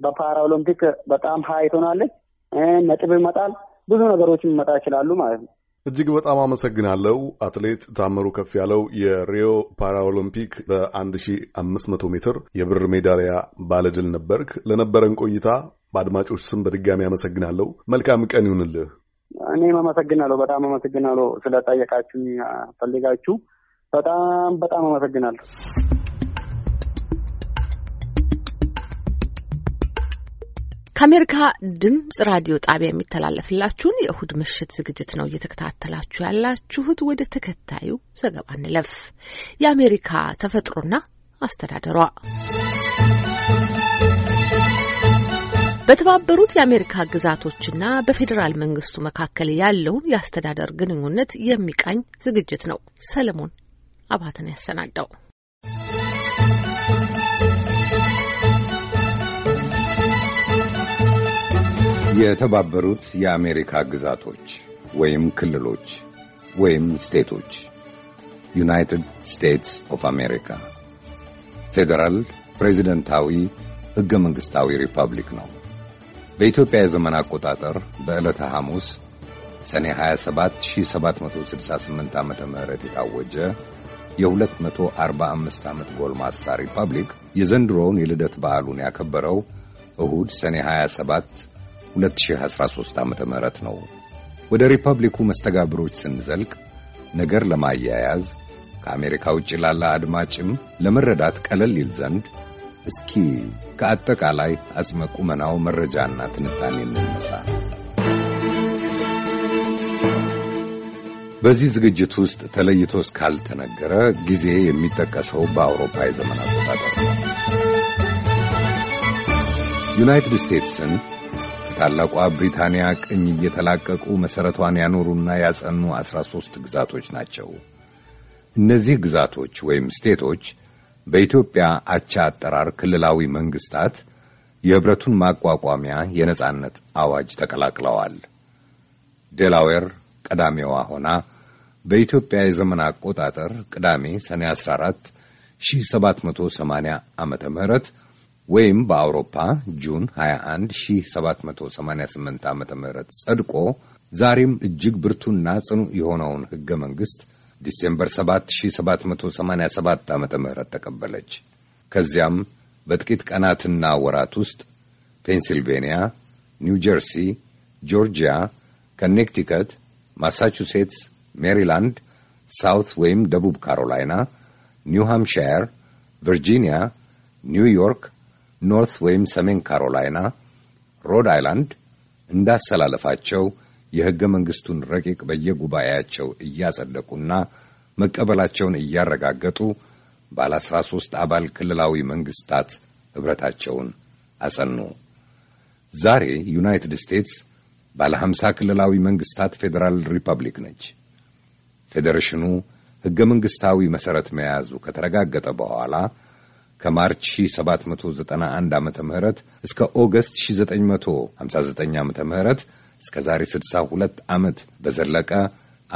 በፓራኦሎምፒክ በጣም ሀይ ትሆናለች። ነጥብ ይመጣል። ብዙ ነገሮች ይመጣ ይችላሉ ማለት ነው። እጅግ በጣም አመሰግናለሁ አትሌት ታምሩ ከፍ ያለው የሪዮ ፓራኦሎምፒክ በ1500 ሜትር የብር ሜዳሊያ ባለድል ነበርክ። ለነበረን ቆይታ በአድማጮች ስም በድጋሚ አመሰግናለሁ። መልካም ቀን ይሁንልህ። እኔም አመሰግናለሁ። በጣም አመሰግናለሁ ስለጠየቃችሁ ፈልጋችሁ በጣም በጣም አመሰግናለሁ። ከአሜሪካ ድምጽ ራዲዮ ጣቢያ የሚተላለፍላችሁን የእሁድ ምሽት ዝግጅት ነው እየተከታተላችሁ ያላችሁት። ወደ ተከታዩ ዘገባ እንለፍ። የአሜሪካ ተፈጥሮና አስተዳደሯ በተባበሩት የአሜሪካ ግዛቶችና በፌዴራል መንግስቱ መካከል ያለውን የአስተዳደር ግንኙነት የሚቃኝ ዝግጅት ነው። ሰለሞን አባተን ያሰናዳው የተባበሩት የአሜሪካ ግዛቶች ወይም ክልሎች ወይም ስቴቶች ዩናይትድ ስቴትስ ኦፍ አሜሪካ ፌዴራል ፕሬዚደንታዊ ሕገ መንግሥታዊ ሪፐብሊክ ነው። በኢትዮጵያ የዘመን አቆጣጠር በዕለተ ሐሙስ ሰኔ 27 1768 ዓ ም የታወጀ የ245 ዓመት ጎልማሳ ሪፐብሊክ የዘንድሮውን የልደት በዓሉን ያከበረው እሁድ ሰኔ 27 2013 ዓመተ ምህረት ነው። ወደ ሪፐብሊኩ መስተጋብሮች ስንዘልቅ ነገር ለማያያዝ ከአሜሪካ ውጭ ላለ አድማጭም ለመረዳት ቀለል ይል ዘንድ እስኪ ከአጠቃላይ አጽመ ቁመናው መረጃና ትንታኔ እንነሳ። በዚህ ዝግጅት ውስጥ ተለይቶ እስካልተነገረ ጊዜ የሚጠቀሰው በአውሮፓ የዘመን አቆጣጠር ነው። ዩናይትድ ስቴትስን ከታላቋ ብሪታንያ ቅኝ እየተላቀቁ መሠረቷን ያኖሩና ያጸኑ ዐሥራ ሦስት ግዛቶች ናቸው። እነዚህ ግዛቶች ወይም ስቴቶች በኢትዮጵያ አቻ አጠራር ክልላዊ መንግሥታት የኅብረቱን ማቋቋሚያ የነጻነት አዋጅ ተቀላቅለዋል። ዴላዌር ቀዳሚዋ ሆና በኢትዮጵያ የዘመን አቆጣጠር ቅዳሜ ሰኔ 14 1780 ዓመተ ወይም በአውሮፓ ጁን 21 1788 ዓ ም ጸድቆ ዛሬም እጅግ ብርቱና ጽኑ የሆነውን ሕገ መንግሥት ዲሴምበር 7787 ዓ ም ተቀበለች። ከዚያም በጥቂት ቀናትና ወራት ውስጥ ፔንሲልቬንያ፣ ኒው ጀርሲ፣ ጆርጂያ፣ ከኔክቲከት፣ ማሳቹሴትስ፣ ሜሪላንድ፣ ሳውት ወይም ደቡብ ካሮላይና፣ ኒው ሃምፕሻየር፣ ቨርጂኒያ፣ ኒውዮርክ ኖርት ወይም ሰሜን ካሮላይና፣ ሮድ አይላንድ እንዳስተላለፋቸው የሕገ መንግሥቱን ረቂቅ በየጉባኤያቸው እያጸደቁና መቀበላቸውን እያረጋገጡ ባለ አስራ ሦስት አባል ክልላዊ መንግሥታት ኅብረታቸውን አጸኑ። ዛሬ ዩናይትድ ስቴትስ ባለ ሀምሳ ክልላዊ መንግሥታት ፌዴራል ሪፐብሊክ ነች። ፌዴሬሽኑ ሕገ መንግሥታዊ መሠረት መያዙ ከተረጋገጠ በኋላ ከማርች 791 ዓ ም እስከ ኦገስት 959 ዓ ም እስከ ዛሬ 62 ዓመት በዘለቀ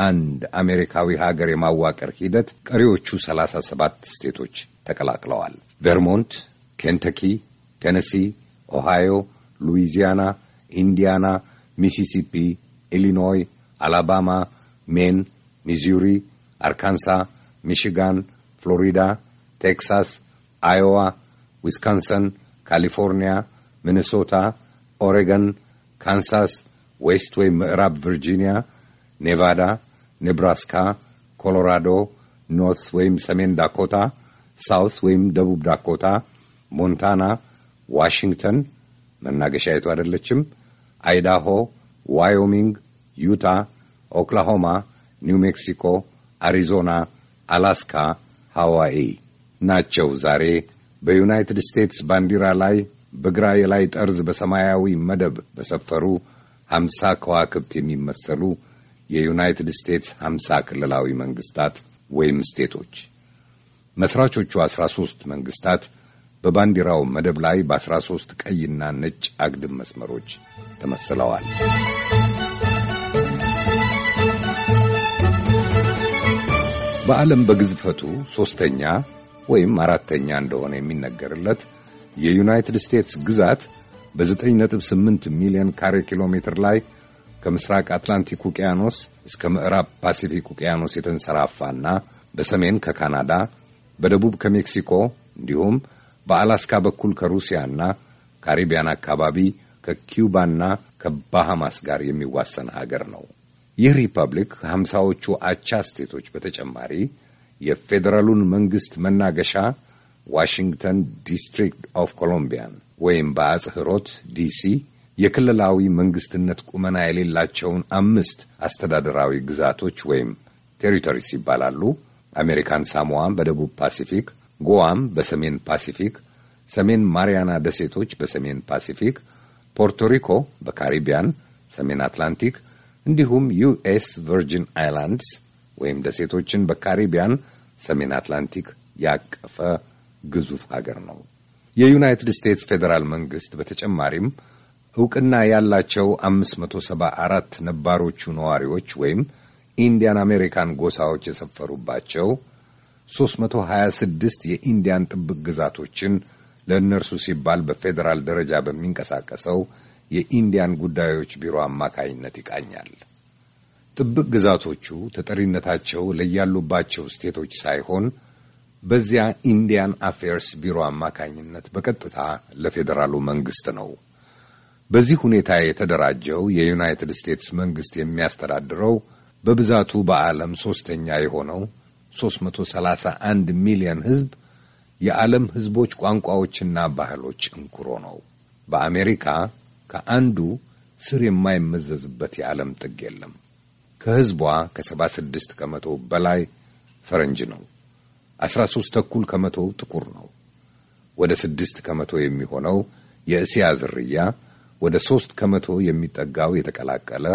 አንድ አሜሪካዊ ሀገር የማዋቀር ሂደት ቀሪዎቹ 37 ስቴቶች ተቀላቅለዋል። ቬርሞንት፣ ኬንተኪ፣ ቴነሲ፣ ኦሃዮ፣ ሉዊዚያና፣ ኢንዲያና፣ ሚሲሲፒ፣ ኢሊኖይ፣ አላባማ፣ ሜን፣ ሚዙሪ፣ አርካንሳ፣ ሚሽጋን፣ ፍሎሪዳ፣ ቴክሳስ፣ አዮዋ፣ ዊስካንሰን፣ ካሊፎርኒያ፣ ሚኒሶታ፣ ኦሬገን፣ ካንሳስ፣ ዌስት ወይም ምዕራብ ቨርጂኒያ፣ ኔቫዳ፣ ኔብራስካ፣ ኮሎራዶ፣ ኖርስ ወይም ሰሜን ዳኮታ፣ ሳውስ ወይም ደቡብ ዳኮታ፣ ሞንታና፣ ዋሽንግተን መናገሻይቱ አይደለችም፣ አይዳሆ፣ ዋዮሚንግ፣ ዩታ፣ ኦክላሆማ፣ ኒው ሜክሲኮ፣ አሪዞና፣ አላስካ፣ ሃዋይ ናቸው ዛሬ በዩናይትድ ስቴትስ ባንዲራ ላይ በግራ የላይ ጠርዝ በሰማያዊ መደብ በሰፈሩ ሀምሳ ከዋክብት የሚመሰሉ የዩናይትድ ስቴትስ ሀምሳ ክልላዊ መንግስታት ወይም ስቴቶች መስራቾቹ አስራ ሶስት መንግስታት በባንዲራው መደብ ላይ በአስራ ሶስት ቀይና ነጭ አግድም መስመሮች ተመስለዋል። በዓለም በግዝፈቱ ሦስተኛ ወይም አራተኛ እንደሆነ የሚነገርለት የዩናይትድ ስቴትስ ግዛት በ9.8 ሚሊዮን ካሬ ኪሎ ሜትር ላይ ከምስራቅ አትላንቲክ ውቅያኖስ እስከ ምዕራብ ፓሲፊክ ውቅያኖስ የተንሰራፋና በሰሜን ከካናዳ በደቡብ ከሜክሲኮ እንዲሁም በአላስካ በኩል ከሩሲያና ካሪቢያን አካባቢ ከኪዩባና ከባሃማስ ጋር የሚዋሰን ሀገር ነው። ይህ ሪፐብሊክ ከሀምሳዎቹ አቻ ስቴቶች በተጨማሪ የፌዴራሉን መንግሥት መናገሻ ዋሽንግተን ዲስትሪክት ኦፍ ኮሎምቢያን ወይም በአጽህሮት ዲሲ የክልላዊ መንግሥትነት ቁመና የሌላቸውን አምስት አስተዳደራዊ ግዛቶች ወይም ቴሪቶሪስ ይባላሉ። አሜሪካን ሳሞዋን በደቡብ ፓሲፊክ፣ ጎዋም በሰሜን ፓሲፊክ፣ ሰሜን ማሪያና ደሴቶች በሰሜን ፓሲፊክ፣ ፖርቶሪኮ በካሪቢያን ሰሜን አትላንቲክ እንዲሁም ዩኤስ ቨርጂን አይላንድስ ወይም ደሴቶችን በካሪቢያን ሰሜን አትላንቲክ ያቀፈ ግዙፍ ሀገር ነው። የዩናይትድ ስቴትስ ፌዴራል መንግስት በተጨማሪም እውቅና ያላቸው አራት ነባሮቹ ነዋሪዎች ወይም ኢንዲያን አሜሪካን ጎሳዎች የሰፈሩባቸው 326 የኢንዲያን ጥብቅ ግዛቶችን ለእነርሱ ሲባል በፌዴራል ደረጃ በሚንቀሳቀሰው የኢንዲያን ጉዳዮች ቢሮ አማካይነት ይቃኛል። ጥብቅ ግዛቶቹ ተጠሪነታቸው ለያሉባቸው ስቴቶች ሳይሆን በዚያ ኢንዲያን አፌርስ ቢሮ አማካኝነት በቀጥታ ለፌዴራሉ መንግስት ነው። በዚህ ሁኔታ የተደራጀው የዩናይትድ ስቴትስ መንግስት የሚያስተዳድረው በብዛቱ በዓለም ሦስተኛ የሆነው 331 ሚሊዮን ሕዝብ የዓለም ህዝቦች ቋንቋዎችና ባህሎች እንኩሮ ነው። በአሜሪካ ከአንዱ ስር የማይመዘዝበት የዓለም ጥግ የለም። ከህዝቧ ከ76 ከመቶ በላይ ፈረንጅ ነው። 13 ተኩል ከመቶ ጥቁር ነው። ወደ 6 ከመቶ የሚሆነው የእስያ ዝርያ፣ ወደ 3 ከመቶ የሚጠጋው የተቀላቀለ፣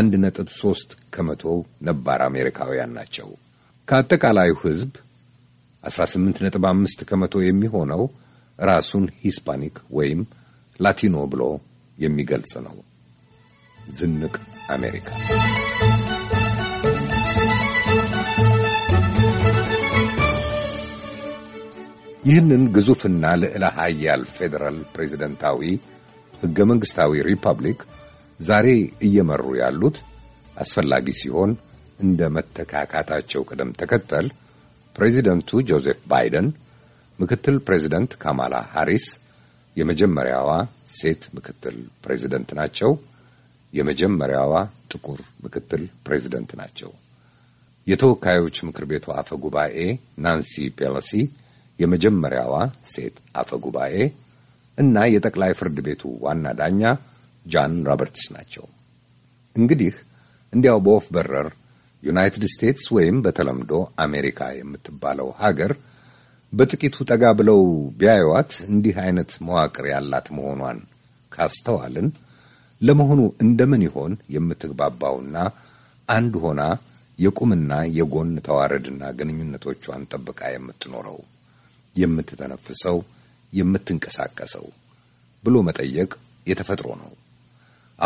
1.3 ከመቶ ነባር አሜሪካውያን ናቸው። ከአጠቃላዩ ህዝብ 18.5 ከመቶ የሚሆነው ራሱን ሂስፓኒክ ወይም ላቲኖ ብሎ የሚገልጽ ነው። ዝንቅ አሜሪካ ይህንን ግዙፍና ልዕለ ኃያል ፌዴራል ፕሬዚደንታዊ ሕገ መንግሥታዊ ሪፐብሊክ ዛሬ እየመሩ ያሉት አስፈላጊ ሲሆን እንደ መተካካታቸው ቅደም ተከተል ፕሬዚደንቱ ጆዜፍ ባይደን፣ ምክትል ፕሬዚደንት ካማላ ሃሪስ የመጀመሪያዋ ሴት ምክትል ፕሬዚደንት ናቸው። የመጀመሪያዋ ጥቁር ምክትል ፕሬዚደንት ናቸው። የተወካዮች ምክር ቤቱ አፈ ጉባኤ ናንሲ ፔሎሲ የመጀመሪያዋ ሴት አፈ ጉባኤ እና የጠቅላይ ፍርድ ቤቱ ዋና ዳኛ ጃን ሮበርትስ ናቸው። እንግዲህ እንዲያው በወፍ በረር ዩናይትድ ስቴትስ ወይም በተለምዶ አሜሪካ የምትባለው ሀገር በጥቂቱ ጠጋ ብለው ቢያዩዋት እንዲህ አይነት መዋቅር ያላት መሆኗን ካስተዋልን ለመሆኑ እንደምን ይሆን የምትግባባውና አንድ ሆና የቁምና የጎን ተዋረድና ግንኙነቶቿን ጠብቃ የምትኖረው? የምትተነፍሰው፣ የምትንቀሳቀሰው ብሎ መጠየቅ የተፈጥሮ ነው።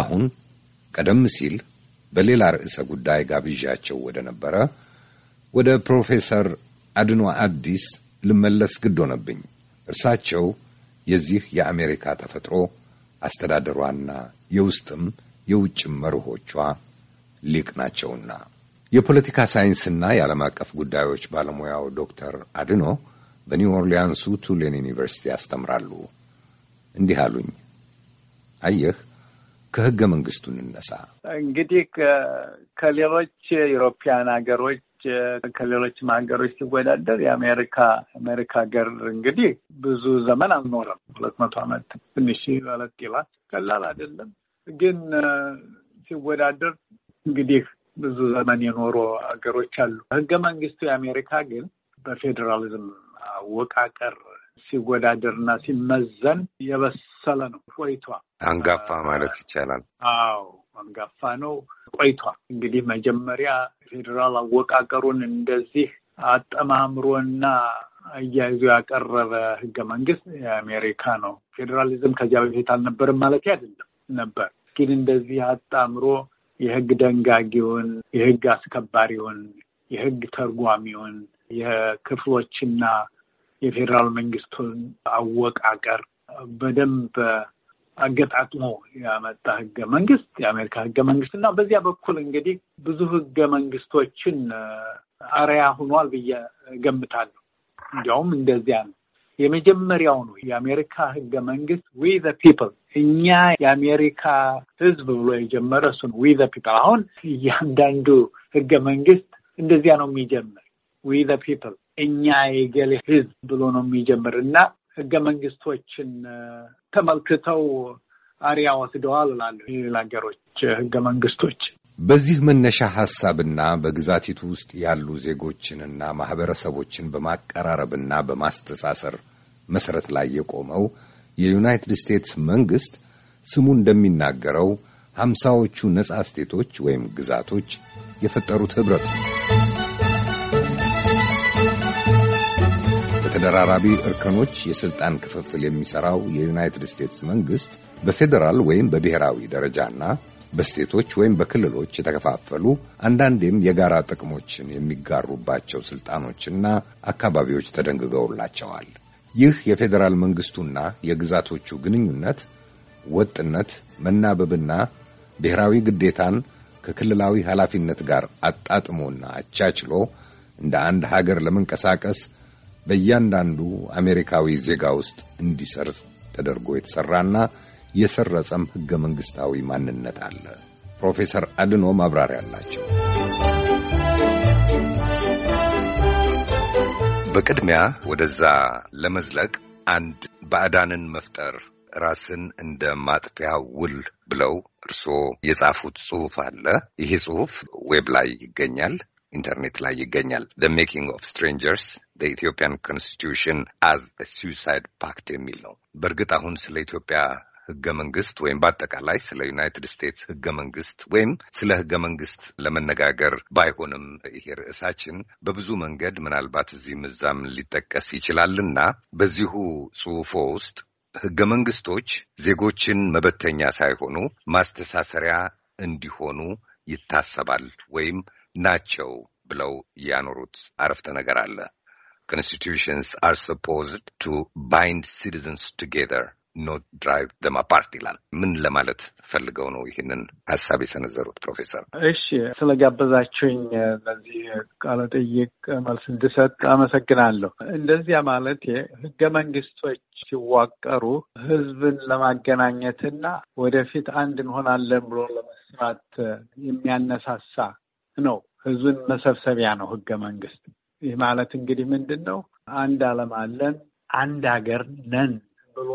አሁን ቀደም ሲል በሌላ ርዕሰ ጉዳይ ጋብዣቸው ወደ ነበረ ወደ ፕሮፌሰር አድኖ አዲስ ልመለስ ግድ ሆነብኝ። እርሳቸው የዚህ የአሜሪካ ተፈጥሮ አስተዳደሯና የውስጥም የውጭም መርሆቿ ሊቅ ናቸውና የፖለቲካ ሳይንስና የዓለም አቀፍ ጉዳዮች ባለሙያው ዶክተር አድኖ በኒው ኦርሊያንሱ ቱሌን ዩኒቨርሲቲ ያስተምራሉ። እንዲህ አሉኝ። አየህ ከህገ መንግስቱ እንነሳ። እንግዲህ ከሌሎች የኢሮፒያን ሀገሮች ከሌሎችም ሀገሮች ሲወዳደር የአሜሪካ አሜሪካ ሀገር እንግዲህ ብዙ ዘመን አልኖረም። ሁለት መቶ ዓመት ትንሽ አለት ይላል። ቀላል አይደለም ግን ሲወዳደር እንግዲህ ብዙ ዘመን የኖሩ ሀገሮች አሉ። ህገ መንግስቱ የአሜሪካ ግን በፌዴራሊዝም አወቃቀር ሲወዳደርና ሲመዘን የበሰለ ነው። ቆይቷ አንጋፋ ማለት ይቻላል። አዎ አንጋፋ ነው። ቆይቷ እንግዲህ መጀመሪያ ፌዴራል አወቃቀሩን እንደዚህ አጠማምሮና አያይዞ ያቀረበ ህገ መንግስት የአሜሪካ ነው። ፌዴራሊዝም ከዚያ በፊት አልነበርም ማለት አይደለም፣ ነበር። ግን እንደዚህ አጣምሮ የህግ ደንጋጊውን፣ የህግ አስከባሪውን፣ የህግ ተርጓሚውን፣ የክፍሎችና የፌዴራል መንግስቱን አወቃቀር በደንብ አገጣጥሞ ያመጣ ህገ መንግስት የአሜሪካ ህገ መንግስት እና በዚያ በኩል እንግዲህ ብዙ ህገ መንግስቶችን አርያ ሆኗል ብዬ ገምታለሁ። እንዲያውም እንደዚያ ነው። የመጀመሪያው ነው የአሜሪካ ህገ መንግስት ዊ ዘ ፒፕል እኛ የአሜሪካ ህዝብ ብሎ የጀመረ እሱ ነው። ዊ ዘ ፒፕል አሁን እያንዳንዱ ህገ መንግስት እንደዚያ ነው የሚጀምር ዊ ዘ ፒፕል እኛ የገሌ ህዝብ ብሎ ነው የሚጀምር እና ህገ መንግስቶችን ተመልክተው አሪያ ወስደዋል ላሉ ሀገሮች ህገ መንግስቶች። በዚህ መነሻ ሀሳብና በግዛቲቱ ውስጥ ያሉ ዜጎችንና ማህበረሰቦችን በማቀራረብና በማስተሳሰር መሰረት ላይ የቆመው የዩናይትድ ስቴትስ መንግስት ስሙ እንደሚናገረው ሀምሳዎቹ ነጻ ስቴቶች ወይም ግዛቶች የፈጠሩት ህብረት ነው። በተደራራቢ እርከኖች የሥልጣን ክፍፍል የሚሠራው የዩናይትድ ስቴትስ መንግሥት በፌዴራል ወይም በብሔራዊ ደረጃና በስቴቶች ወይም በክልሎች የተከፋፈሉ አንዳንዴም የጋራ ጥቅሞችን የሚጋሩባቸው ሥልጣኖችና አካባቢዎች ተደንግገውላቸዋል። ይህ የፌዴራል መንግሥቱና የግዛቶቹ ግንኙነት ወጥነት፣ መናበብና ብሔራዊ ግዴታን ከክልላዊ ኃላፊነት ጋር አጣጥሞና አቻችሎ እንደ አንድ ሀገር ለመንቀሳቀስ በእያንዳንዱ አሜሪካዊ ዜጋ ውስጥ እንዲሰርጽ ተደርጎ የተሠራና የሰረጸም ሕገ መንግሥታዊ ማንነት አለ። ፕሮፌሰር አድኖ ማብራሪያ አላቸው። በቅድሚያ ወደዛ ለመዝለቅ አንድ ባዕዳንን መፍጠር ራስን እንደ ማጥፊያ ውል ብለው እርስዎ የጻፉት ጽሑፍ አለ። ይሄ ጽሑፍ ዌብ ላይ ይገኛል። ኢንተርኔት ላይ ይገኛል። ዘ ሜኪንግ ኦፍ ስትሬንጀርስ ዘ ኢትዮጵያን ኮንስቲቱሽን አዝ ሱሳይድ ፓክት የሚል ነው። በእርግጥ አሁን ስለ ኢትዮጵያ ህገ መንግስት ወይም በአጠቃላይ ስለ ዩናይትድ ስቴትስ ህገ መንግስት ወይም ስለ ህገ መንግስት ለመነጋገር ባይሆንም ይሄ ርዕሳችን በብዙ መንገድ ምናልባት እዚህም እዛም ሊጠቀስ ይችላልና በዚሁ ጽሑፎ ውስጥ ህገ መንግስቶች ዜጎችን መበተኛ ሳይሆኑ ማስተሳሰሪያ እንዲሆኑ ይታሰባል ወይም ናቸው ብለው ያኖሩት አረፍተ ነገር አለ። ኮንስቲቱሽንስ አር ሰፖዝድ ቱ ባይንድ ሲቲዘንስ ቱጌዘር ኖት ድራይቭ ደም አፓርት ይላል። ምን ለማለት ፈልገው ነው ይህንን ሀሳብ የሰነዘሩት ፕሮፌሰር? እሺ ስለጋበዛችሁኝ ለዚህ ቃለ ጠይቅ መልስ እንድሰጥ አመሰግናለሁ። እንደዚያ ማለት ህገ መንግስቶች ሲዋቀሩ ህዝብን ለማገናኘትና ወደፊት አንድ እንሆናለን ብሎ ለመስራት የሚያነሳሳ ነው። ህዝብን መሰብሰቢያ ነው ህገ መንግስት። ይህ ማለት እንግዲህ ምንድን ነው? አንድ ዓለም አለን አንድ ሀገር ነን ብሎ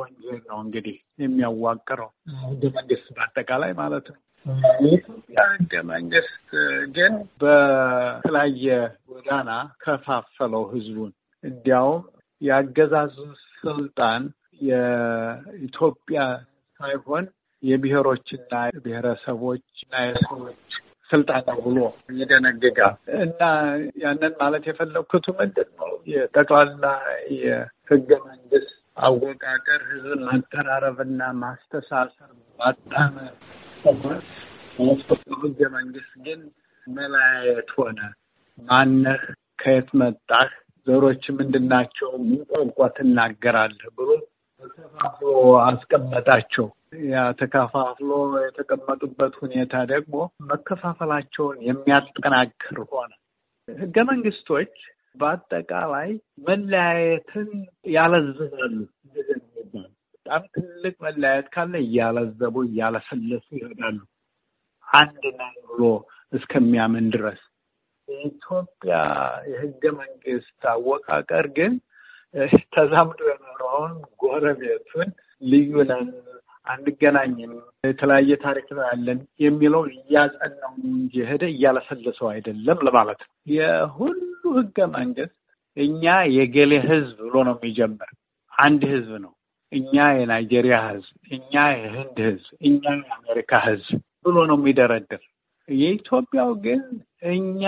ነው እንግዲህ የሚያዋቅረው ህገ መንግስት በአጠቃላይ ማለት ነው። የኢትዮጵያ ህገ መንግስት ግን በተለያየ ጎዳና ከፋፈለው ህዝቡን። እንዲያውም የአገዛዙ ስልጣን የኢትዮጵያ ሳይሆን የብሔሮችና ብሔረሰቦችና የሰዎች ስልጣን ብሎ ይደነግጋል እና ያንን ማለት የፈለግኩት ምንድን ነው የጠቅላላ የህገ መንግስት አወቃቀር ህዝብን ማቀራረብና ማስተሳሰር ባጣመ ህገ መንግስት ግን መለያየት ሆነ። ማነህ፣ ከየት መጣህ፣ ዘሮች ምንድናቸው፣ ምን ቋንቋ ትናገራለህ ብሎ ተከፋፍሎ አስቀመጣቸው። ያ ተከፋፍሎ የተቀመጡበት ሁኔታ ደግሞ መከፋፈላቸውን የሚያጠናክር ሆነ። ህገ መንግስቶች በአጠቃላይ መለያየትን ያለዝባሉ። በጣም ትልቅ መለያየት ካለ እያለዘቡ እያለሰለሱ ይሄዳሉ፣ አንድ ነን ብሎ እስከሚያምን ድረስ። የኢትዮጵያ የህገ መንግስት አወቃቀር ግን ተዛምዶ የኖረውን ጎረቤቱን ልዩ ነን አንገናኝም፣ የተለያየ ታሪክ ነው ያለን የሚለው እያጸናው እንጂ ሄደ እያለሰለሰው አይደለም ለማለት ነው። የሁሉ ህገ መንግስት እኛ የገሌ ህዝብ ብሎ ነው የሚጀምር። አንድ ህዝብ ነው። እኛ የናይጄሪያ ህዝብ፣ እኛ የህንድ ህዝብ፣ እኛ የአሜሪካ ህዝብ ብሎ ነው የሚደረድር። የኢትዮጵያው ግን እኛ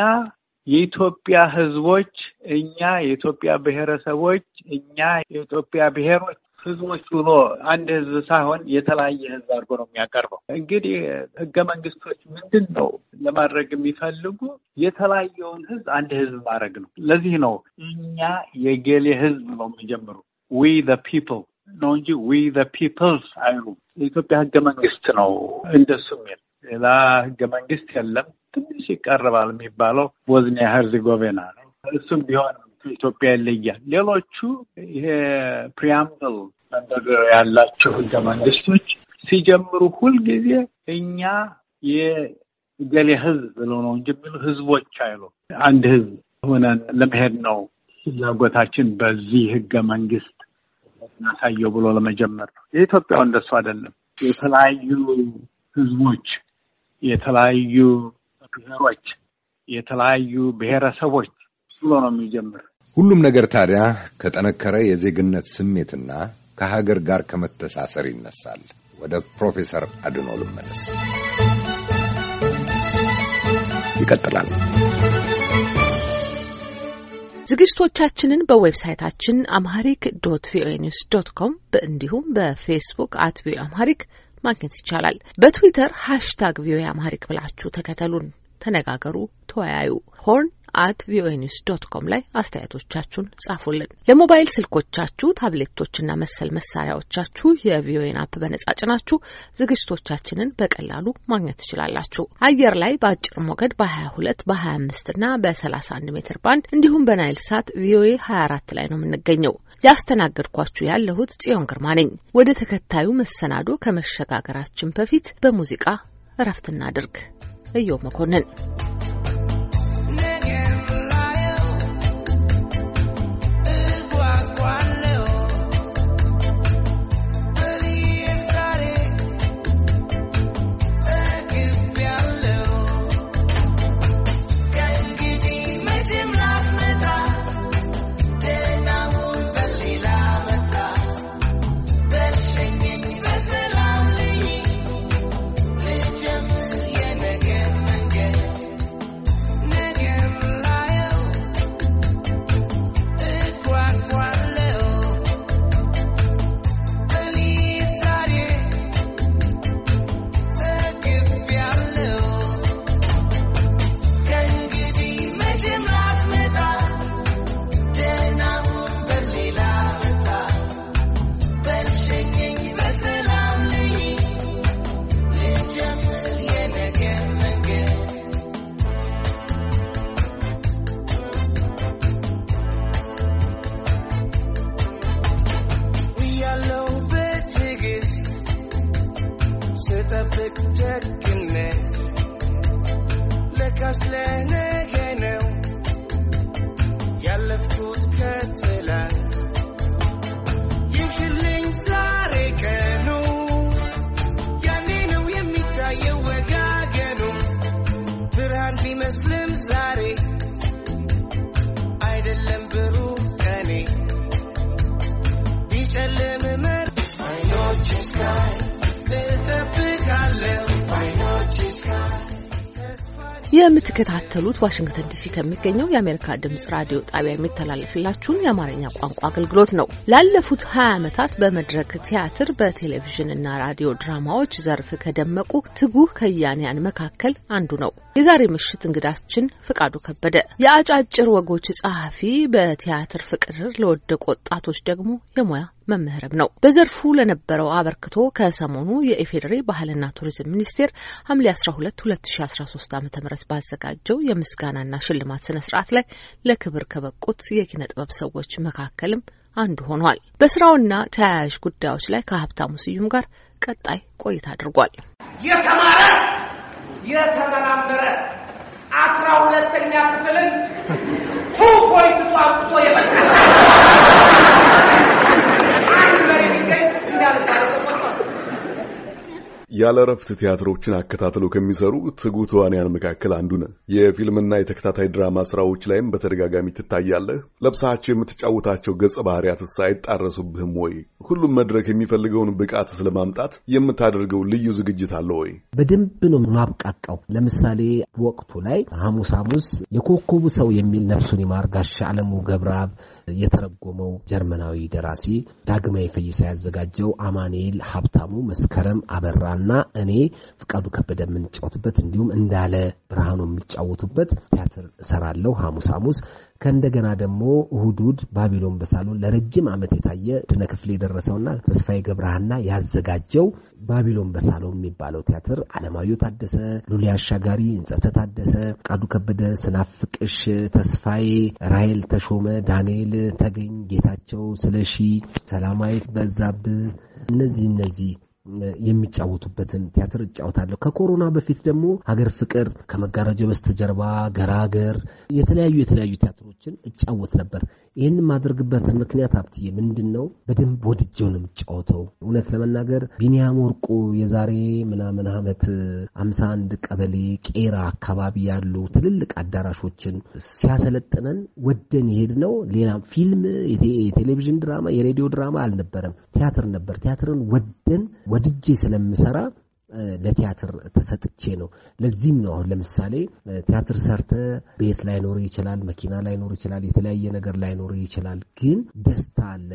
የኢትዮጵያ ህዝቦች እኛ የኢትዮጵያ ብሔረሰቦች እኛ የኢትዮጵያ ብሔሮች ህዝቦች ብሎ አንድ ህዝብ ሳይሆን የተለያየ ህዝብ አድርጎ ነው የሚያቀርበው። እንግዲህ ህገ መንግስቶች ምንድን ነው ለማድረግ የሚፈልጉ የተለያየውን ህዝብ አንድ ህዝብ ማድረግ ነው። ለዚህ ነው እኛ የገሌ ህዝብ ነው የሚጀምሩ ዊ ዘ ፒፕል ነው እንጂ ዊ ዘ ፒፕልስ አይሉ የኢትዮጵያ ህገ መንግስት ነው እንደሱ የሚል ሌላ ህገ መንግስት የለም። ትንሽ ይቀርባል የሚባለው ቦዝኒያ ሄርዚጎቬና ነው። እሱም ቢሆን ኢትዮጵያ ይለያል። ሌሎቹ ይሄ ፕሪያምብል መንደር ያላቸው ህገ መንግስቶች ሲጀምሩ ሁልጊዜ እኛ የገሌ ህዝብ ብሎ ነው እንጂ የሚሉ ህዝቦች አይሉ አንድ ህዝብ ሆነን ለመሄድ ነው ፍላጎታችን በዚህ ህገ መንግስት እናሳየው ብሎ ለመጀመር ነው። የኢትዮጵያው እንደሱ አይደለም። የተለያዩ ህዝቦች የተለያዩ ብሔሮች፣ የተለያዩ ብሔረሰቦች ብሎ ነው የሚጀምር። ሁሉም ነገር ታዲያ ከጠነከረ የዜግነት ስሜትና ከሀገር ጋር ከመተሳሰር ይነሳል። ወደ ፕሮፌሰር አድኖ ልመለስ። ይቀጥላል። ዝግጅቶቻችንን በዌብሳይታችን አምሃሪክ ዶት ቪኦኤ ኒውስ ዶት ኮም እንዲሁም በፌስቡክ አት ቪኦኤ አምሃሪክ ማግኘት ይቻላል። በትዊተር ሃሽታግ ቪኦኤ አማሪክ ብላችሁ ተከተሉን፣ ተነጋገሩ፣ ተወያዩ። ሆርን አት ቪኦኤ ኒውስ ዶት ኮም ላይ አስተያየቶቻችሁን ጻፉልን። ለሞባይል ስልኮቻችሁ ታብሌቶችና መሰል መሳሪያዎቻችሁ የቪኦኤን አፕ በነጻ ጭናችሁ ዝግጅቶቻችንን በቀላሉ ማግኘት ትችላላችሁ። አየር ላይ በአጭር ሞገድ በ22 በ25 እና በ31 ሜትር ባንድ እንዲሁም በናይል ሳት ቪኦኤ 24 ላይ ነው የምንገኘው። ያስተናገድኳችሁ ያለሁት ጽዮን ግርማ ነኝ። ወደ ተከታዩ መሰናዶ ከመሸጋገራችን በፊት በሙዚቃ እረፍት እናድርግ። እዮብ መኮንን የምትከታተሉት ዋሽንግተን ዲሲ ከሚገኘው የአሜሪካ ድምጽ ራዲዮ ጣቢያ የሚተላለፍላችሁን የአማርኛ ቋንቋ አገልግሎት ነው። ላለፉት ሀያ ዓመታት በመድረክ ቲያትር፣ በቴሌቪዥንና ራዲዮ ድራማዎች ዘርፍ ከደመቁ ትጉህ ከያንያን መካከል አንዱ ነው። የዛሬ ምሽት እንግዳችን ፍቃዱ ከበደ የአጫጭር ወጎች ጸሐፊ፣ በቲያትር ፍቅር ለወደቁ ወጣቶች ደግሞ የሙያ መምህርም ነው። በዘርፉ ለነበረው አበርክቶ ከሰሞኑ የኢፌዴሪ ባህልና ቱሪዝም ሚኒስቴር ሐምሌ 12 2013 ዓ ም ባዘጋጀው የምስጋናና ሽልማት ስነ ስርዓት ላይ ለክብር ከበቁት የኪነ ጥበብ ሰዎች መካከልም አንዱ ሆኗል። በስራውና ተያያዥ ጉዳዮች ላይ ከሀብታሙ ስዩም ጋር ቀጣይ ቆይታ አድርጓል። የተማረ የተመራመረ አስራ ሁለተኛ ክፍልን ቱ ፖይንት አምጥቶ የመለሰ ያለ ረፍት ቲያትሮችን አከታትለው ከሚሰሩ ትጉ ተዋንያን መካከል አንዱ ነ የፊልምና የተከታታይ ድራማ ስራዎች ላይም በተደጋጋሚ ትታያለህ። ለብሳቸው የምትጫወታቸው ገጸ ባህሪያትስ አይጣረሱብህም ወይ? ሁሉም መድረክ የሚፈልገውን ብቃት ስለማምጣት የምታደርገው ልዩ ዝግጅት አለ ወይ? በደንብ ነው ማብቃቃው። ለምሳሌ ወቅቱ ላይ ሐሙስ ሐሙስ የኮከቡ ሰው የሚል ነፍሱን ይማር አለሙ ገብረአብ የተረጎመው ጀርመናዊ ደራሲ ዳግማዊ ፈይሳ ያዘጋጀው አማኑኤል ሀብታሙ፣ መስከረም አበራና እኔ ፍቃዱ ከበደ የምንጫወትበት እንዲሁም እንዳለ ብርሃኑ የሚጫወቱበት ቲያትር እሰራለሁ ሐሙስ ሐሙስ ከእንደገና ደግሞ እሁድ ባቢሎን በሳሎን ለረጅም ዓመት የታየ ድነ ክፍል የደረሰውና ተስፋዬ ገብረሃና ያዘጋጀው ባቢሎን በሳሎን የሚባለው ቲያትር አለማየሁ ታደሰ፣ ሉሊ አሻጋሪ፣ እንጸተ ታደሰ፣ ቃዱ ከበደ፣ ስናፍቅሽ ተስፋዬ፣ ራይል ተሾመ፣ ዳንኤል ኃይል ተገኝ፣ ጌታቸው ስለሺ፣ ሰላማዊ በዛብህ እነዚህ እነዚህ የሚጫወቱበትን ቲያትር እጫወታለሁ። ከኮሮና በፊት ደግሞ ሀገር ፍቅር፣ ከመጋረጃው በስተጀርባ፣ ገራገር የተለያዩ የተለያዩ ቲያትሮችን እጫወት ነበር። ይህን የማደርግበት ምክንያት ሀብትዬ ምንድን ነው? በደንብ ወድጀው ነው የምጫወተው። እውነት ለመናገር ቢኒያም ወርቁ የዛሬ ምናምን ዓመት አምሳ አንድ ቀበሌ ቄራ አካባቢ ያሉ ትልልቅ አዳራሾችን ሲያሰለጥነን ወደን ይሄድ ነው። ሌላ ፊልም፣ የቴሌቪዥን ድራማ፣ የሬዲዮ ድራማ አልነበረም፣ ቲያትር ነበር። ቲያትርን ወደን ወድጄ ስለምሰራ ለቲያትር ተሰጥቼ ነው። ለዚህም ነው አሁን ለምሳሌ ቲያትር ሰርተ ቤት ላይኖር ይችላል፣ መኪና ላይኖር ይችላል፣ የተለያየ ነገር ላይኖር ይችላል። ግን ደስታ አለ።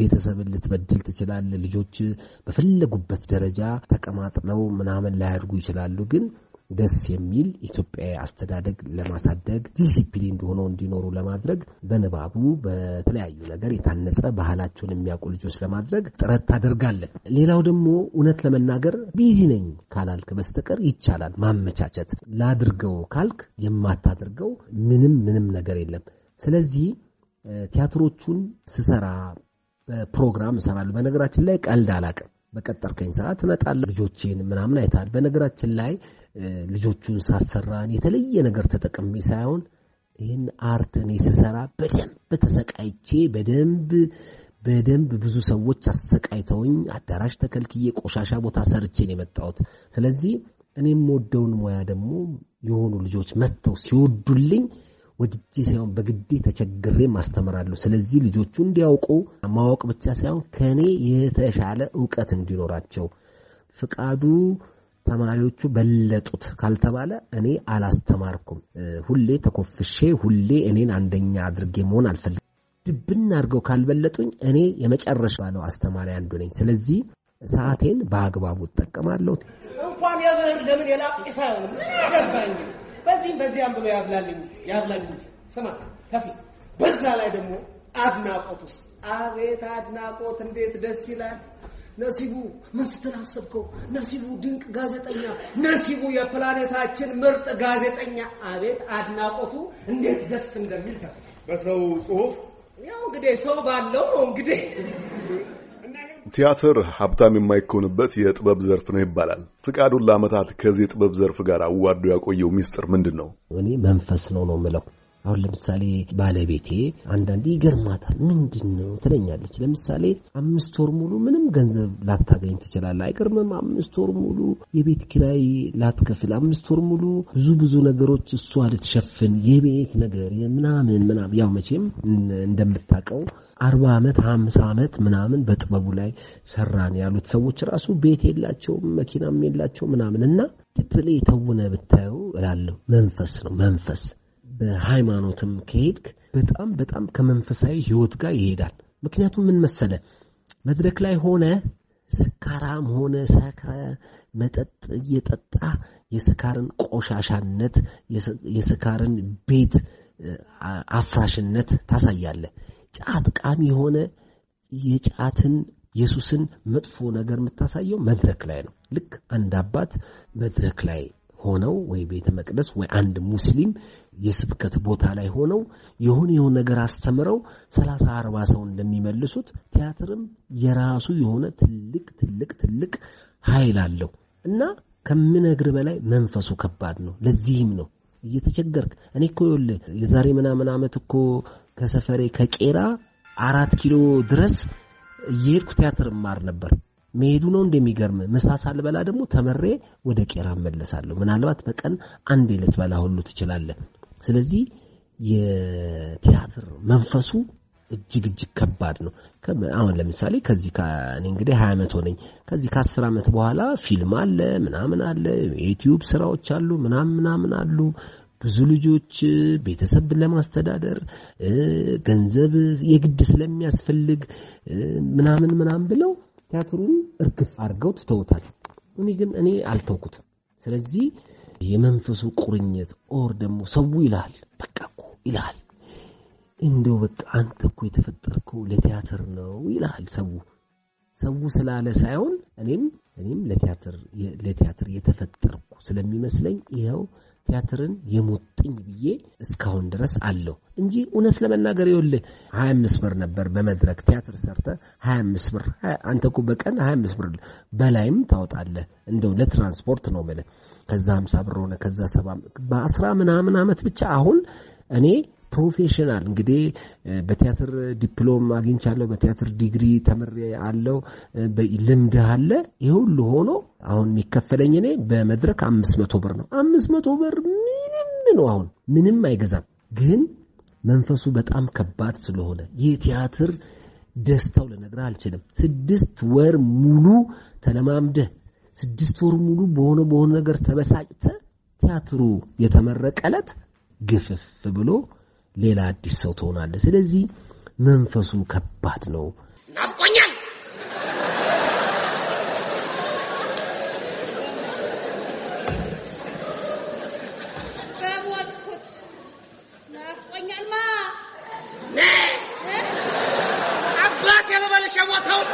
ቤተሰብን ልትበድል ትችላል። ልጆች በፈለጉበት ደረጃ ተቀማጥለው ምናምን ላያድጉ ይችላሉ። ግን ደስ የሚል ኢትዮጵያዊ አስተዳደግ ለማሳደግ ዲሲፕሊን ሆነው እንዲኖሩ ለማድረግ በንባቡ በተለያዩ ነገር የታነጸ ባህላቸውን የሚያውቁ ልጆች ለማድረግ ጥረት ታደርጋለህ። ሌላው ደግሞ እውነት ለመናገር ቢዚ ነኝ ካላልክ በስተቀር ይቻላል ማመቻቸት። ላድርገው ካልክ የማታደርገው ምንም ምንም ነገር የለም። ስለዚህ ቲያትሮቹን ስሰራ በፕሮግራም እሰራለሁ። በነገራችን ላይ ቀልድ አላቅም። በቀጠርከኝ ሰዓት እመጣለሁ። ልጆቼን ምናምን አይተሃል። በነገራችን ላይ ልጆቹን ሳሰራን የተለየ ነገር ተጠቅሜ ሳይሆን ይህን አርት እኔ ስሰራ በደንብ ተሰቃይቼ በደንብ በደንብ ብዙ ሰዎች አሰቃይተውኝ አዳራሽ ተከልክዬ ቆሻሻ ቦታ ሰርቼን የመጣሁት። ስለዚህ እኔ የምወደውን ሙያ ደግሞ የሆኑ ልጆች መጥተው ሲወዱልኝ ወድጄ ሳይሆን በግዴ ተቸግሬ ማስተምራለሁ። ስለዚህ ልጆቹ እንዲያውቁ ማወቅ ብቻ ሳይሆን ከእኔ የተሻለ እውቀት እንዲኖራቸው ፍቃዱ ተማሪዎቹ በለጡት ካልተባለ እኔ አላስተማርኩም። ሁሌ ተኮፍሼ፣ ሁሌ እኔን አንደኛ አድርጌ መሆን አልፈልግም። ድብና አድርገው ካልበለጡኝ እኔ የመጨረሻ ባለው አስተማሪ አንዱ ነኝ። ስለዚህ ሰዓቴን በአግባቡ እጠቀማለሁ። እንኳን የምህር ለምን የላቅ ሳይሆን ገባኝ። በዚህም በዚያም ብሎ ያብላልኝ ያብላልኝ። ስማ ተፊ፣ በዛ ላይ ደግሞ አድናቆት ውስጥ አቤት አድናቆት እንዴት ደስ ይላል። ነሲቡ ምን ስትል አሰብከው? ነሲቡ ድንቅ ጋዜጠኛ፣ ነሲቡ የፕላኔታችን ምርጥ ጋዜጠኛ። አቤት አድናቆቱ እንዴት ደስ እንደሚል ከፍ በሰው ጽሁፍ ያው እንግዲህ ሰው ባለው ነው እንግዲህ ቲያትር ሀብታም የማይኮንበት የጥበብ ዘርፍ ነው ይባላል። ፍቃዱን ለዓመታት ከዚህ የጥበብ ዘርፍ ጋር አዋዶ ያቆየው ሚስጥር ምንድን ነው? እኔ መንፈስ ነው ነው የምለው አሁን ለምሳሌ ባለቤቴ አንዳንዴ ይገርማታል። ምንድን ነው ትለኛለች። ለምሳሌ አምስት ወር ሙሉ ምንም ገንዘብ ላታገኝ ትችላለህ። አይገርምም? አምስት ወር ሙሉ የቤት ኪራይ ላትከፍል፣ አምስት ወር ሙሉ ብዙ ብዙ ነገሮች እሷ ልትሸፍን፣ የቤት ነገር ምናምን ምናምን። ያው መቼም እንደምታውቀው አርባ ዓመት ሀምሳ ዓመት ምናምን በጥበቡ ላይ ሰራን ያሉት ሰዎች ራሱ ቤት የላቸውም መኪናም የላቸው ምናምን እና ትፕል የተውነ ብታየው እላለሁ። መንፈስ ነው መንፈስ በሃይማኖትም ከሄድክ በጣም በጣም ከመንፈሳዊ ህይወት ጋር ይሄዳል። ምክንያቱም ምን መሰለ መድረክ ላይ ሆነ ሰካራም ሆነ ሰክረ መጠጥ እየጠጣ የስካርን ቆሻሻነት የስካርን ቤት አፍራሽነት ታሳያለ። ጫት ቃሚ የሆነ የጫትን ኢየሱስን መጥፎ ነገር የምታሳየው መድረክ ላይ ነው። ልክ አንድ አባት መድረክ ላይ ሆነው ወይ ቤተ መቅደስ ወይ አንድ ሙስሊም የስብከት ቦታ ላይ ሆነው የሆነ የሆነ ነገር አስተምረው ሰላሳ አርባ ሰው እንደሚመልሱት ቲያትርም የራሱ የሆነ ትልቅ ትልቅ ትልቅ ኃይል አለው እና ከምነግር በላይ መንፈሱ ከባድ ነው። ለዚህም ነው እየተቸገርክ እኔ እኮ ይኸውልህ የዛሬ ምናምን ዓመት እኮ ከሰፈሬ ከቄራ አራት ኪሎ ድረስ እየሄድኩ ቲያትር እማር ነበር። መሄዱ ነው እንደሚገርም ምሳ ሳልበላ ደግሞ ተመሬ ወደ ቄራ እመለሳለሁ። ምናልባት በቀን አንድ ዕለት በላ ሁሉ ትችላለህ። ስለዚህ የቲያትር መንፈሱ እጅግ እጅግ ከባድ ነው። አሁን ለምሳሌ ከዚህ እኔ እንግዲህ ሀያ ዓመት ሆነኝ። ከዚህ ከአስር ዓመት በኋላ ፊልም አለ ምናምን አለ የዩቲዩብ ስራዎች አሉ ምናምን ምናምን አሉ ብዙ ልጆች ቤተሰብን ለማስተዳደር ገንዘብ የግድ ስለሚያስፈልግ ምናምን ምናምን ብለው ቲያትሩን እርግፍ አድርገው ትተውታል። እኔ ግን እኔ አልተውኩትም። ስለዚህ የመንፈሱ ቁርኝት ኦር ደግሞ ሰው ይላል በቃ እኮ ይልሃል፣ እንደው በቃ አንተ እኮ የተፈጠርከው ለቲያትር ነው ይላል ሰው ሰው ስላለ ሳይሆን እኔም እኔም ለቲያትር ለቲያትር የተፈጠርኩ ስለሚመስለኝ ይኸው ቲያትርን የሞጥኝ ብዬ እስካሁን ድረስ አለው እንጂ እውነት ለመናገር ይኸውልህ ሀያ አምስት ብር ነበር በመድረክ ቲያትር ሰርተ ሀያ አምስት ብር አንተ እኮ በቀን ሀያ አምስት ብር በላይም ታወጣለህ እንደው ለትራንስፖርት ነው ብለህ ከዛ ሀምሳ ብር ሆነ ከዛ ሰባ በአስራ ምናምን ዓመት ብቻ አሁን እኔ ፕሮፌሽናል እንግዲህ በቲያትር ዲፕሎም አግኝቻለሁ፣ በቲያትር ዲግሪ ተምሬ አለው፣ ልምድ አለ። ይህ ሁሉ ሆኖ አሁን የሚከፈለኝ እኔ በመድረክ አምስት መቶ ብር ነው። አምስት መቶ ብር ምንም ነው፣ አሁን ምንም አይገዛም። ግን መንፈሱ በጣም ከባድ ስለሆነ የቲያትር ደስታው ልነግርህ አልችልም። ስድስት ወር ሙሉ ተለማምደህ ስድስት ወር ሙሉ በሆነ በሆነ ነገር ተበሳጭተ ቲያትሩ የተመረቀ ግፍፍ ብሎ ሌላ አዲስ ሰው ትሆናለህ። ስለዚህ መንፈሱ ከባድ ነው። ናፍቆኛል። በሞትኩት ናፍቆኛልማ አባት ያለባለሽ ሞተው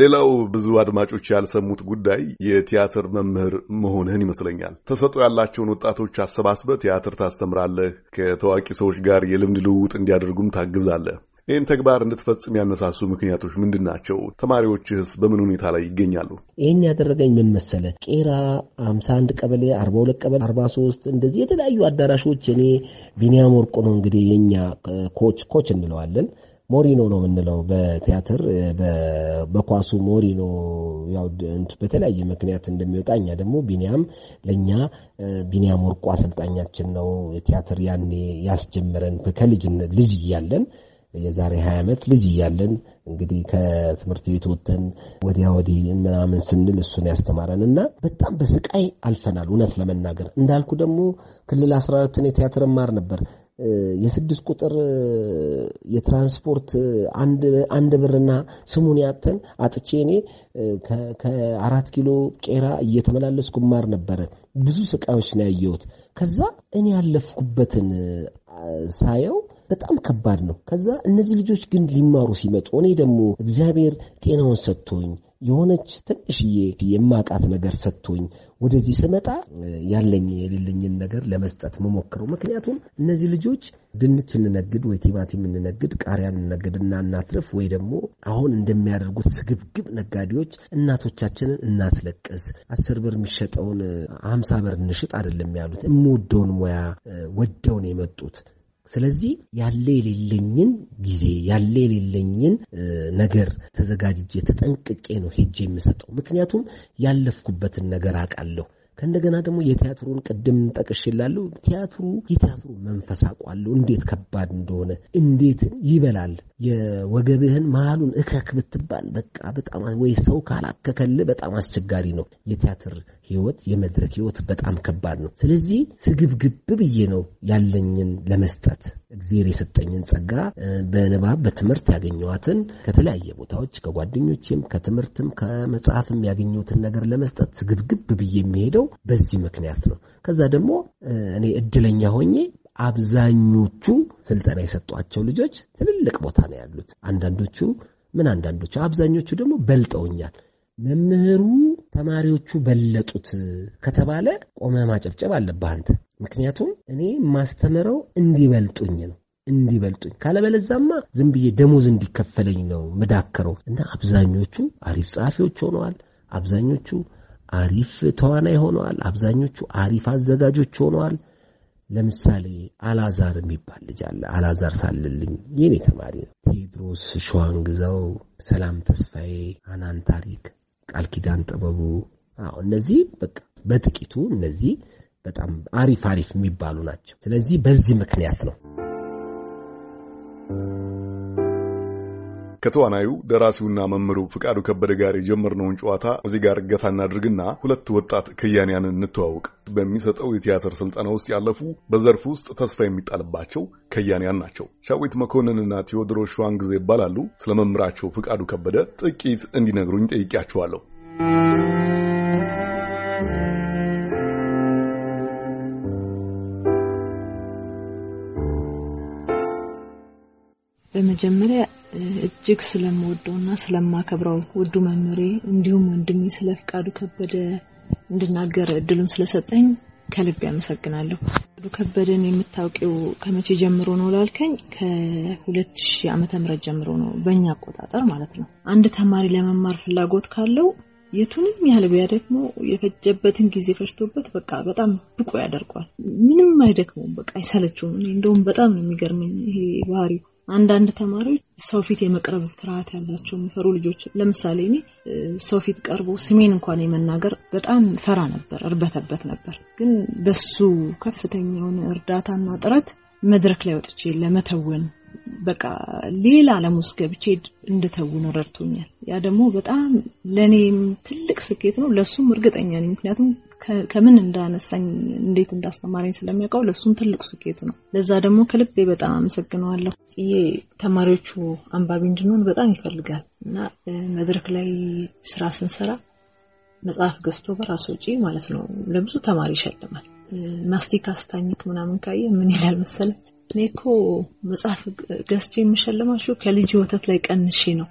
ሌላው ብዙ አድማጮች ያልሰሙት ጉዳይ የቲያትር መምህር መሆንህን ይመስለኛል። ተሰጥኦ ያላቸውን ወጣቶች አሰባስበ ቲያትር ታስተምራለህ፣ ከታዋቂ ሰዎች ጋር የልምድ ልውውጥ እንዲያደርጉም ታግዛለህ። ይህን ተግባር እንድትፈጽም ያነሳሱ ምክንያቶች ምንድን ናቸው? ተማሪዎችህስ በምን ሁኔታ ላይ ይገኛሉ? ይህን ያደረገኝ ምን መሰለ፣ ቄራ አምሳ አንድ ቀበሌ አርባ ሁለት ቀበሌ አርባ ሶስት እንደዚህ የተለያዩ አዳራሾች እኔ ቢኒያም ወርቆ ነው እንግዲህ የኛ ኮች ኮች እንለዋለን ሞሪኖ ነው የምንለው በቲያትር በኳሱ ሞሪኖ ያው በተለያየ ምክንያት እንደሚወጣ እኛ ደግሞ ቢኒያም ለእኛ ቢኒያም ወርቁ አሰልጣኛችን ነው። ቲያትር ያኔ ያስጀመረን ከልጅነት ልጅ እያለን የዛሬ ሀያ ዓመት ልጅ እያለን እንግዲህ ከትምህርት ቤት ወጥተን ወዲያ ወዲህ ምናምን ስንል እሱን ያስተማረን እና በጣም በስቃይ አልፈናል። እውነት ለመናገር እንዳልኩ ደግሞ ክልል አስራ ሁለትን የቲያትር ማር ነበር የስድስት ቁጥር የትራንስፖርት አንድ ብርና ስሙን ያተን አጥቼ እኔ ከአራት ኪሎ ቄራ እየተመላለስኩ ማር ነበረ። ብዙ ስቃዮች ነው ያየሁት። ከዛ እኔ ያለፍኩበትን ሳየው በጣም ከባድ ነው። ከዛ እነዚህ ልጆች ግን ሊማሩ ሲመጡ እኔ ደግሞ እግዚአብሔር ጤናውን ሰጥቶኝ የሆነች ትንሽዬ የማቃት ነገር ሰጥቶኝ ወደዚህ ስመጣ ያለኝ የሌለኝን ነገር ለመስጠት መሞክረው። ምክንያቱም እነዚህ ልጆች ድንች እንነግድ ወይ ቲማቲም እንነግድ፣ ቃሪያ እና እናትርፍ ወይ ደግሞ አሁን እንደሚያደርጉት ስግብግብ ነጋዴዎች እናቶቻችንን እናስለቅስ፣ አስር ብር የሚሸጠውን ሀምሳ ብር እንሽጥ አይደለም ያሉት። የምወደውን ሙያ ወደውን የመጡት ስለዚህ ያለ የሌለኝን ጊዜ ያለ የሌለኝን ነገር ተዘጋጅጄ ተጠንቅቄ ነው ሄጄ የምሰጠው። ምክንያቱም ያለፍኩበትን ነገር አውቃለሁ። ከእንደገና ደግሞ የቲያትሩን ቅድም ጠቅሽላለሁ። ቲያትሩ የቲያትሩ መንፈስ አውቃለሁ፣ እንዴት ከባድ እንደሆነ እንዴት ይበላል። የወገብህን መሃሉን እከክ ብትባል በቃ በጣም ወይ ሰው ካላከከል በጣም አስቸጋሪ ነው የቲያትር ህይወት የመድረክ ህይወት በጣም ከባድ ነው። ስለዚህ ስግብግብ ብዬ ነው ያለኝን ለመስጠት እግዜር የሰጠኝን ጸጋ በንባብ በትምህርት ያገኘዋትን ከተለያየ ቦታዎች ከጓደኞችም ከትምህርትም ከመጽሐፍም ያገኘሁትን ነገር ለመስጠት ስግብግብ ብዬ የሚሄደው በዚህ ምክንያት ነው። ከዛ ደግሞ እኔ እድለኛ ሆኜ አብዛኞቹ ስልጠና የሰጧቸው ልጆች ትልልቅ ቦታ ነው ያሉት። አንዳንዶቹ ምን አንዳንዶቹ አብዛኞቹ ደግሞ በልጠውኛል። መምህሩ ተማሪዎቹ በለጡት ከተባለ ቆመ ማጨብጨብ አለብህ አንተ። ምክንያቱም እኔ ማስተምረው እንዲበልጡኝ ነው እንዲበልጡኝ ካለበለዛማ ዝም ብዬ ደሞዝ እንዲከፈለኝ ነው ምዳከረው። እና አብዛኞቹ አሪፍ ጸሐፊዎች ሆነዋል። አብዛኞቹ አሪፍ ተዋናይ ሆነዋል። አብዛኞቹ አሪፍ አዘጋጆች ሆነዋል። ለምሳሌ አላዛር የሚባል ልጅ አለ። አላዛር ሳልልኝ የኔ ተማሪ ነው። ቴዎድሮስ ሸዋንግዛው፣ ሰላም ተስፋዬ፣ አናን ታሪክ ቃል ኪዳን ጥበቡ፣ እነዚህ በቃ በጥቂቱ እነዚህ በጣም አሪፍ አሪፍ የሚባሉ ናቸው። ስለዚህ በዚህ ምክንያት ነው ከተዋናዩ ደራሲውና መምህሩ ፍቃዱ ከበደ ጋር የጀመርነውን ጨዋታ እዚህ ጋር እገታ እናድርግና ሁለት ወጣት ከያንያንን እንተዋውቅ። በሚሰጠው የቲያትር ስልጠና ውስጥ ያለፉ በዘርፍ ውስጥ ተስፋ የሚጣልባቸው ከያንያን ናቸው። ሻዊት መኮንንና ቴዎድሮስ ሸዋን ጊዜ ይባላሉ። ስለ መምህራቸው ፍቃዱ ከበደ ጥቂት እንዲነግሩኝ ጠይቄያቸዋለሁ። በመጀመሪያ እጅግ እና ስለማከብረው ውዱ መምህሬ እንዲሁም ወንድሜ ስለ ፍቃዱ ከበደ እንድናገር እድሉን ስለሰጠኝ ከልብ ያመሰግናለሁ። ፍቃዱ ከበደን የምታውቂው ከመቼ ጀምሮ ነው ላልከኝ ከ2000 ዓም ጀምሮ ነው በእኛ አቆጣጠር ማለት ነው። አንድ ተማሪ ለመማር ፍላጎት ካለው የቱንም ያህል ቢያደክሞ የፈጀበትን ጊዜ ፈጅቶበት በቃ በጣም ብቁ ያደርገዋል። ምንም አይደክመውም፣ በቃ አይሰለችውም። እንደውም በጣም ነው የሚገርመኝ ይሄ ባህሪው አንዳንድ ተማሪዎች ሰው ፊት የመቅረብ ፍርሃት ያላቸው የሚፈሩ ልጆች፣ ለምሳሌ እኔ ሰው ፊት ቀርቦ ስሜን እንኳን የመናገር በጣም ፈራ ነበር፣ እርበተበት ነበር። ግን በሱ ከፍተኛ የሆነ እርዳታና ጥረት መድረክ ላይ ወጥቼ ለመተወን በቃ ሌላ ዓለም ውስጥ ገብቼ እንድተውን ረድቶኛል። ያ ደግሞ በጣም ለእኔም ትልቅ ስኬት ነው፣ ለሱም እርግጠኛ ነኝ። ምክንያቱም ከምን እንዳነሳኝ እንዴት እንዳስተማረኝ ስለሚያውቀው ለእሱም ትልቅ ስኬቱ ነው። ለዛ ደግሞ ከልቤ በጣም አመሰግነዋለሁ። ይሄ ተማሪዎቹ አንባቢ እንድንሆን በጣም ይፈልጋል እና መድረክ ላይ ስራ ስንሰራ መጽሐፍ ገዝቶ በራሱ ውጪ ማለት ነው ለብዙ ተማሪ ይሸልማል። ማስቲካ አስታኝክ ምናምን ካየ ምን ይላል መሰለ እኔ እኮ መጽሐፍ ገዝቼ የምሸልማችሁ ከልጅ ወተት ላይ ቀንሼ ነው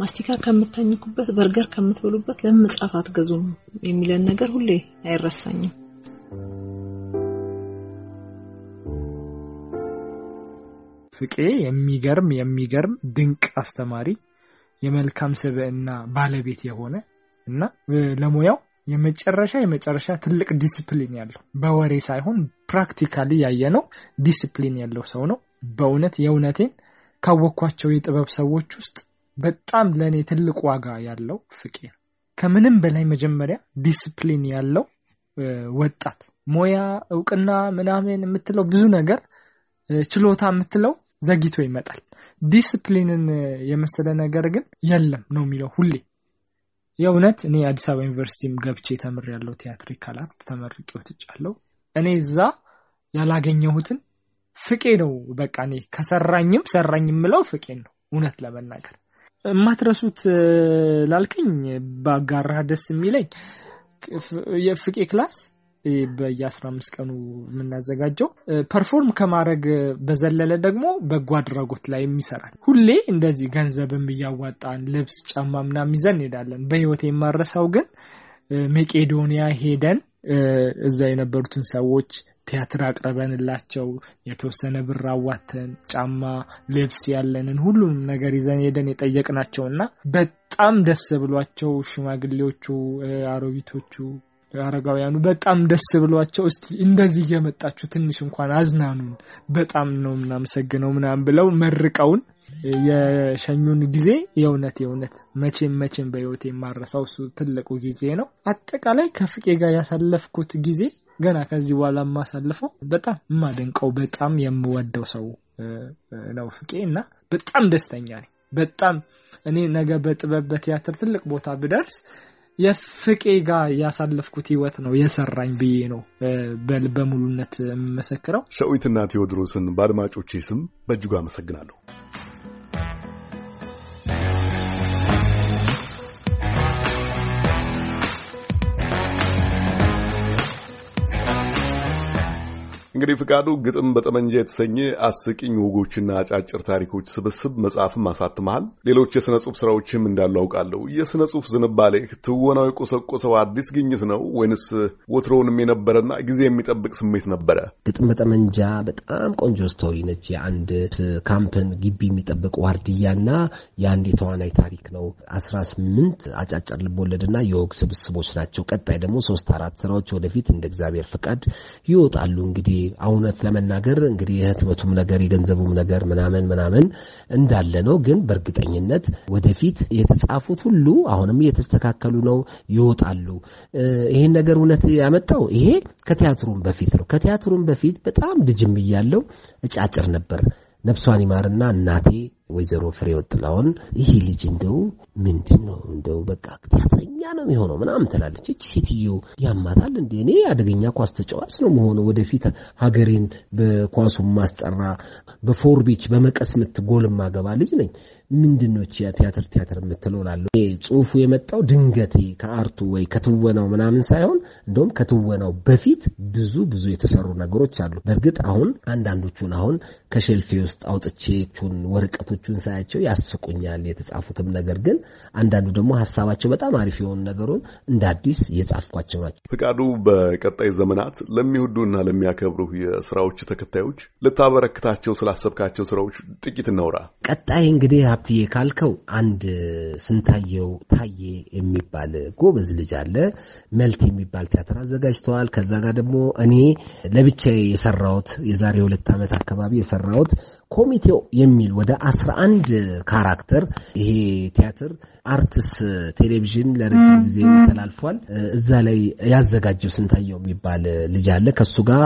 ማስቲካ ከምታኝኩበት በርገር ከምትበሉበት ለምን መጽሐፍ አትገዙም የሚለን ነገር ሁሌ አይረሳኝም። ፍቄ የሚገርም የሚገርም ድንቅ አስተማሪ፣ የመልካም ስብዕና ባለቤት የሆነ እና ለሙያው የመጨረሻ የመጨረሻ ትልቅ ዲስፕሊን ያለው በወሬ ሳይሆን ፕራክቲካሊ ያየነው ዲስፕሊን ያለው ሰው ነው። በእውነት የእውነቴን ካወቅኳቸው የጥበብ ሰዎች ውስጥ በጣም ለእኔ ትልቅ ዋጋ ያለው ፍቄ ከምንም በላይ መጀመሪያ ዲስፕሊን ያለው ወጣት ሞያ፣ እውቅና ምናምን የምትለው ብዙ ነገር ችሎታ የምትለው ዘግቶ ይመጣል። ዲስፕሊንን የመሰለ ነገር ግን የለም ነው የሚለው ሁሌ። የእውነት እኔ አዲስ አበባ ዩኒቨርሲቲም ገብቼ ተምሬያለሁ። ቲያትሪካል አክት ተመርቄ ወጥቻለሁ። እኔ እዛ ያላገኘሁትን ፍቄ ነው። በቃ እኔ ከሰራኝም ሰራኝ የምለው ፍቄን ነው እውነት ለመናገር የማትረሱት ላልከኝ በአጋራህ ደስ የሚለኝ የፍቄ ክላስ በየ15 ቀኑ የምናዘጋጀው ፐርፎርም ከማድረግ በዘለለ ደግሞ በጎ አድራጎት ላይ ይሰራል። ሁሌ እንደዚህ ገንዘብም እያዋጣን ልብስ፣ ጫማ ምናም ይዘን እንሄዳለን። በህይወት የማረሰው ግን መቄዶንያ ሄደን እዛ የነበሩትን ሰዎች ቲያትር አቅርበንላቸው የተወሰነ ብር አዋተን ጫማ፣ ልብስ ያለንን ሁሉንም ነገር ይዘን ሄደን የጠየቅናቸው እና በጣም ደስ ብሏቸው ሽማግሌዎቹ፣ አሮቢቶቹ አረጋውያኑ በጣም ደስ ብሏቸው እስቲ እንደዚህ እየመጣችሁ ትንሽ እንኳን አዝናኑን በጣም ነው ምናመሰግነው ምናምን ብለው መርቀውን የሸኙን ጊዜ የእውነት የእውነት መቼም መቼም በህይወት የማረሳው እሱ ትልቁ ጊዜ ነው። አጠቃላይ ከፍቄ ጋር ያሳለፍኩት ጊዜ ገና ከዚህ በኋላ የማሳልፈው በጣም የማደንቀው በጣም የምወደው ሰው ነው ፍቄ እና በጣም ደስተኛ ነኝ። በጣም እኔ ነገ በጥበብ በቲያትር ትልቅ ቦታ ብደርስ የፍቄ ጋር ያሳለፍኩት ህይወት ነው የሰራኝ ብዬ ነው በልበ ሙሉነት የምመሰክረው። ሸዊትና ቴዎድሮስን በአድማጮቼ ስም በእጅጉ አመሰግናለሁ። እንግዲህ ፍቃዱ ግጥም በጠመንጃ የተሰኘ አስቂኝ ወጎችና አጫጭር ታሪኮች ስብስብ መጽሐፍም አሳትመሃል። ሌሎች የሥነ ጽሑፍ ሥራዎችም እንዳሉ አውቃለሁ። የሥነ ጽሑፍ ዝንባሌህ ትወናው የቆሰቆሰው አዲስ ግኝት ነው ወይንስ ወትሮውንም የነበረና ጊዜ የሚጠብቅ ስሜት ነበረ? ግጥም በጠመንጃ በጣም ቆንጆ ስቶሪ ነች። የአንድ ካምፕን ግቢ የሚጠብቅ ዋርድያና የአንድ የተዋናይ ታሪክ ነው። አስራ ስምንት አጫጭር ልቦወለድና የወግ ስብስቦች ናቸው። ቀጣይ ደግሞ ሶስት አራት ስራዎች ወደፊት እንደ እግዚአብሔር ፍቃድ ይወጣሉ እንግዲህ እውነት ለመናገር እንግዲህ የህትመቱም ነገር የገንዘቡም ነገር ምናምን ምናምን እንዳለ ነው። ግን በእርግጠኝነት ወደፊት የተጻፉት ሁሉ አሁንም እየተስተካከሉ ነው፣ ይወጣሉ። ይሄን ነገር እውነት ያመጣው ይሄ ከቲያትሩም በፊት ነው። ከቲያትሩም በፊት በጣም ልጅም እያለው እጫጭር ነበር። ነፍሷን ይማርና እናቴ ወይዘሮ ፍሬህይወት ጥላሁን ይህ ልጅ እንደው ምንድን ነው እንደው በቃ ቅጥያተኛ ነው የሆነው ምናምን ትላለች። እች ሴትዮ ያማታል እንደ እኔ አደገኛ ኳስ ተጫዋች ነው መሆኑ ወደፊት ሀገሬን በኳሱ ማስጠራ በፎርቤች በመቀስ ምት ጎል ማገባ ልጅ ነኝ። ምንድን ነው ቲያትር ቲያትር የምትለው ጽሁፉ የመጣው ድንገት ከአርቱ ወይ ከትወናው ምናምን ሳይሆን እንደውም ከትወናው በፊት ብዙ ብዙ የተሰሩ ነገሮች አሉ። በእርግጥ አሁን አንዳንዶቹን አሁን ከሸልፌ ውስጥ አውጥቼቹን ወረቀቶች አንዳንዶቹን ሳያቸው ያስቁኛል የተጻፉትም። ነገር ግን አንዳንዱ ደግሞ ሀሳባቸው በጣም አሪፍ የሆኑ ነገሩን እንደ አዲስ እየጻፍኳቸው ናቸው። ፍቃዱ፣ በቀጣይ ዘመናት ለሚወዱና ለሚያከብሩ የስራዎች ተከታዮች ልታበረክታቸው ስላሰብካቸው ስራዎች ጥቂት እናውራ። ቀጣይ እንግዲህ ሀብትዬ ካልከው አንድ ስንታየው ታዬ የሚባል ጎበዝ ልጅ አለ። መልት የሚባል ቲያትር አዘጋጅተዋል። ከዛ ጋር ደግሞ እኔ ለብቻ የሰራሁት የዛሬ ሁለት ዓመት አካባቢ የሰራሁት ኮሚቴው የሚል ወደ አስራ አንድ ካራክተር ይሄ ቲያትር አርትስ ቴሌቪዥን ለረጅም ጊዜ ተላልፏል። እዛ ላይ ያዘጋጀው ስንታየው የሚባል ልጅ አለ። ከሱ ጋር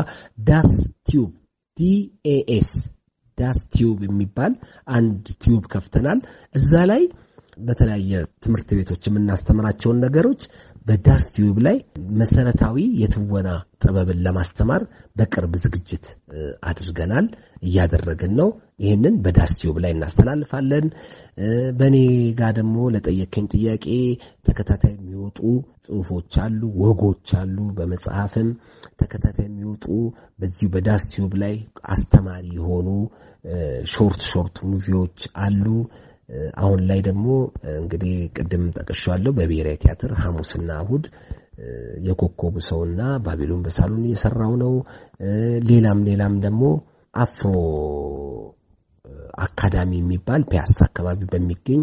ዳስ ቲዩብ ዲኤኤስ ዳስ ቲዩብ የሚባል አንድ ቲዩብ ከፍተናል። እዛ ላይ በተለያየ ትምህርት ቤቶች የምናስተምራቸውን ነገሮች በዳስ ቲዩብ ላይ መሰረታዊ የትወና ጥበብን ለማስተማር በቅርብ ዝግጅት አድርገናል፣ እያደረግን ነው። ይህንን በዳስ ቲዩብ ላይ እናስተላልፋለን። በእኔ ጋር ደግሞ ለጠየከኝ ጥያቄ ተከታታይ የሚወጡ ጽሁፎች አሉ፣ ወጎች አሉ። በመጽሐፍም ተከታታይ የሚወጡ በዚሁ በዳስ ቲዩብ ላይ አስተማሪ የሆኑ ሾርት ሾርት ሙቪዎች አሉ። አሁን ላይ ደግሞ እንግዲህ ቅድም ጠቅሻለሁ በብሔራዊ ቲያትር ሐሙስና እሁድ የኮከቡ ሰውና ባቢሎን በሳሎን እየሰራው ነው። ሌላም ሌላም ደግሞ አፍሮ አካዳሚ የሚባል ፒያሳ አካባቢ በሚገኝ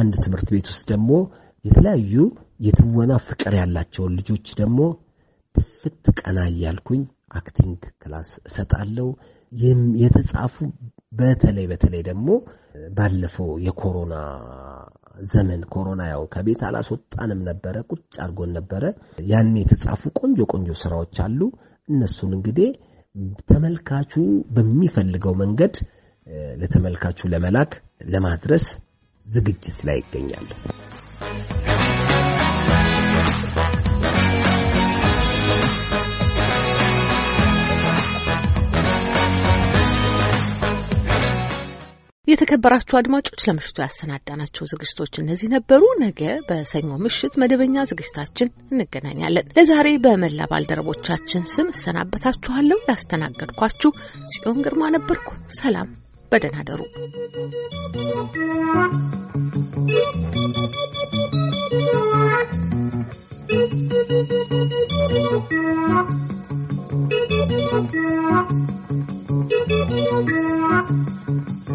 አንድ ትምህርት ቤት ውስጥ ደግሞ የተለያዩ የትወና ፍቅር ያላቸውን ልጆች ደግሞ ፍት ቀና እያልኩኝ አክቲንግ ክላስ እሰጣለሁ። የተጻፉ በተለይ በተለይ ደግሞ ባለፈው የኮሮና ዘመን ኮሮና ያው ከቤት አላስወጣንም ነበረ፣ ቁጭ አድርጎን ነበረ። ያን የተጻፉ ቆንጆ ቆንጆ ስራዎች አሉ። እነሱን እንግዲህ ተመልካቹ በሚፈልገው መንገድ ለተመልካቹ ለመላክ ለማድረስ ዝግጅት ላይ ይገኛሉ። የተከበራችሁ አድማጮች ለምሽቱ ያሰናዳናቸው ዝግጅቶች እነዚህ ነበሩ። ነገ በሰኞ ምሽት መደበኛ ዝግጅታችን እንገናኛለን። ለዛሬ በመላ ባልደረቦቻችን ስም እሰናበታችኋለሁ። ያስተናገድኳችሁ ጽዮን ግርማ ነበርኩ። ሰላም፣ በደህና ደሩ።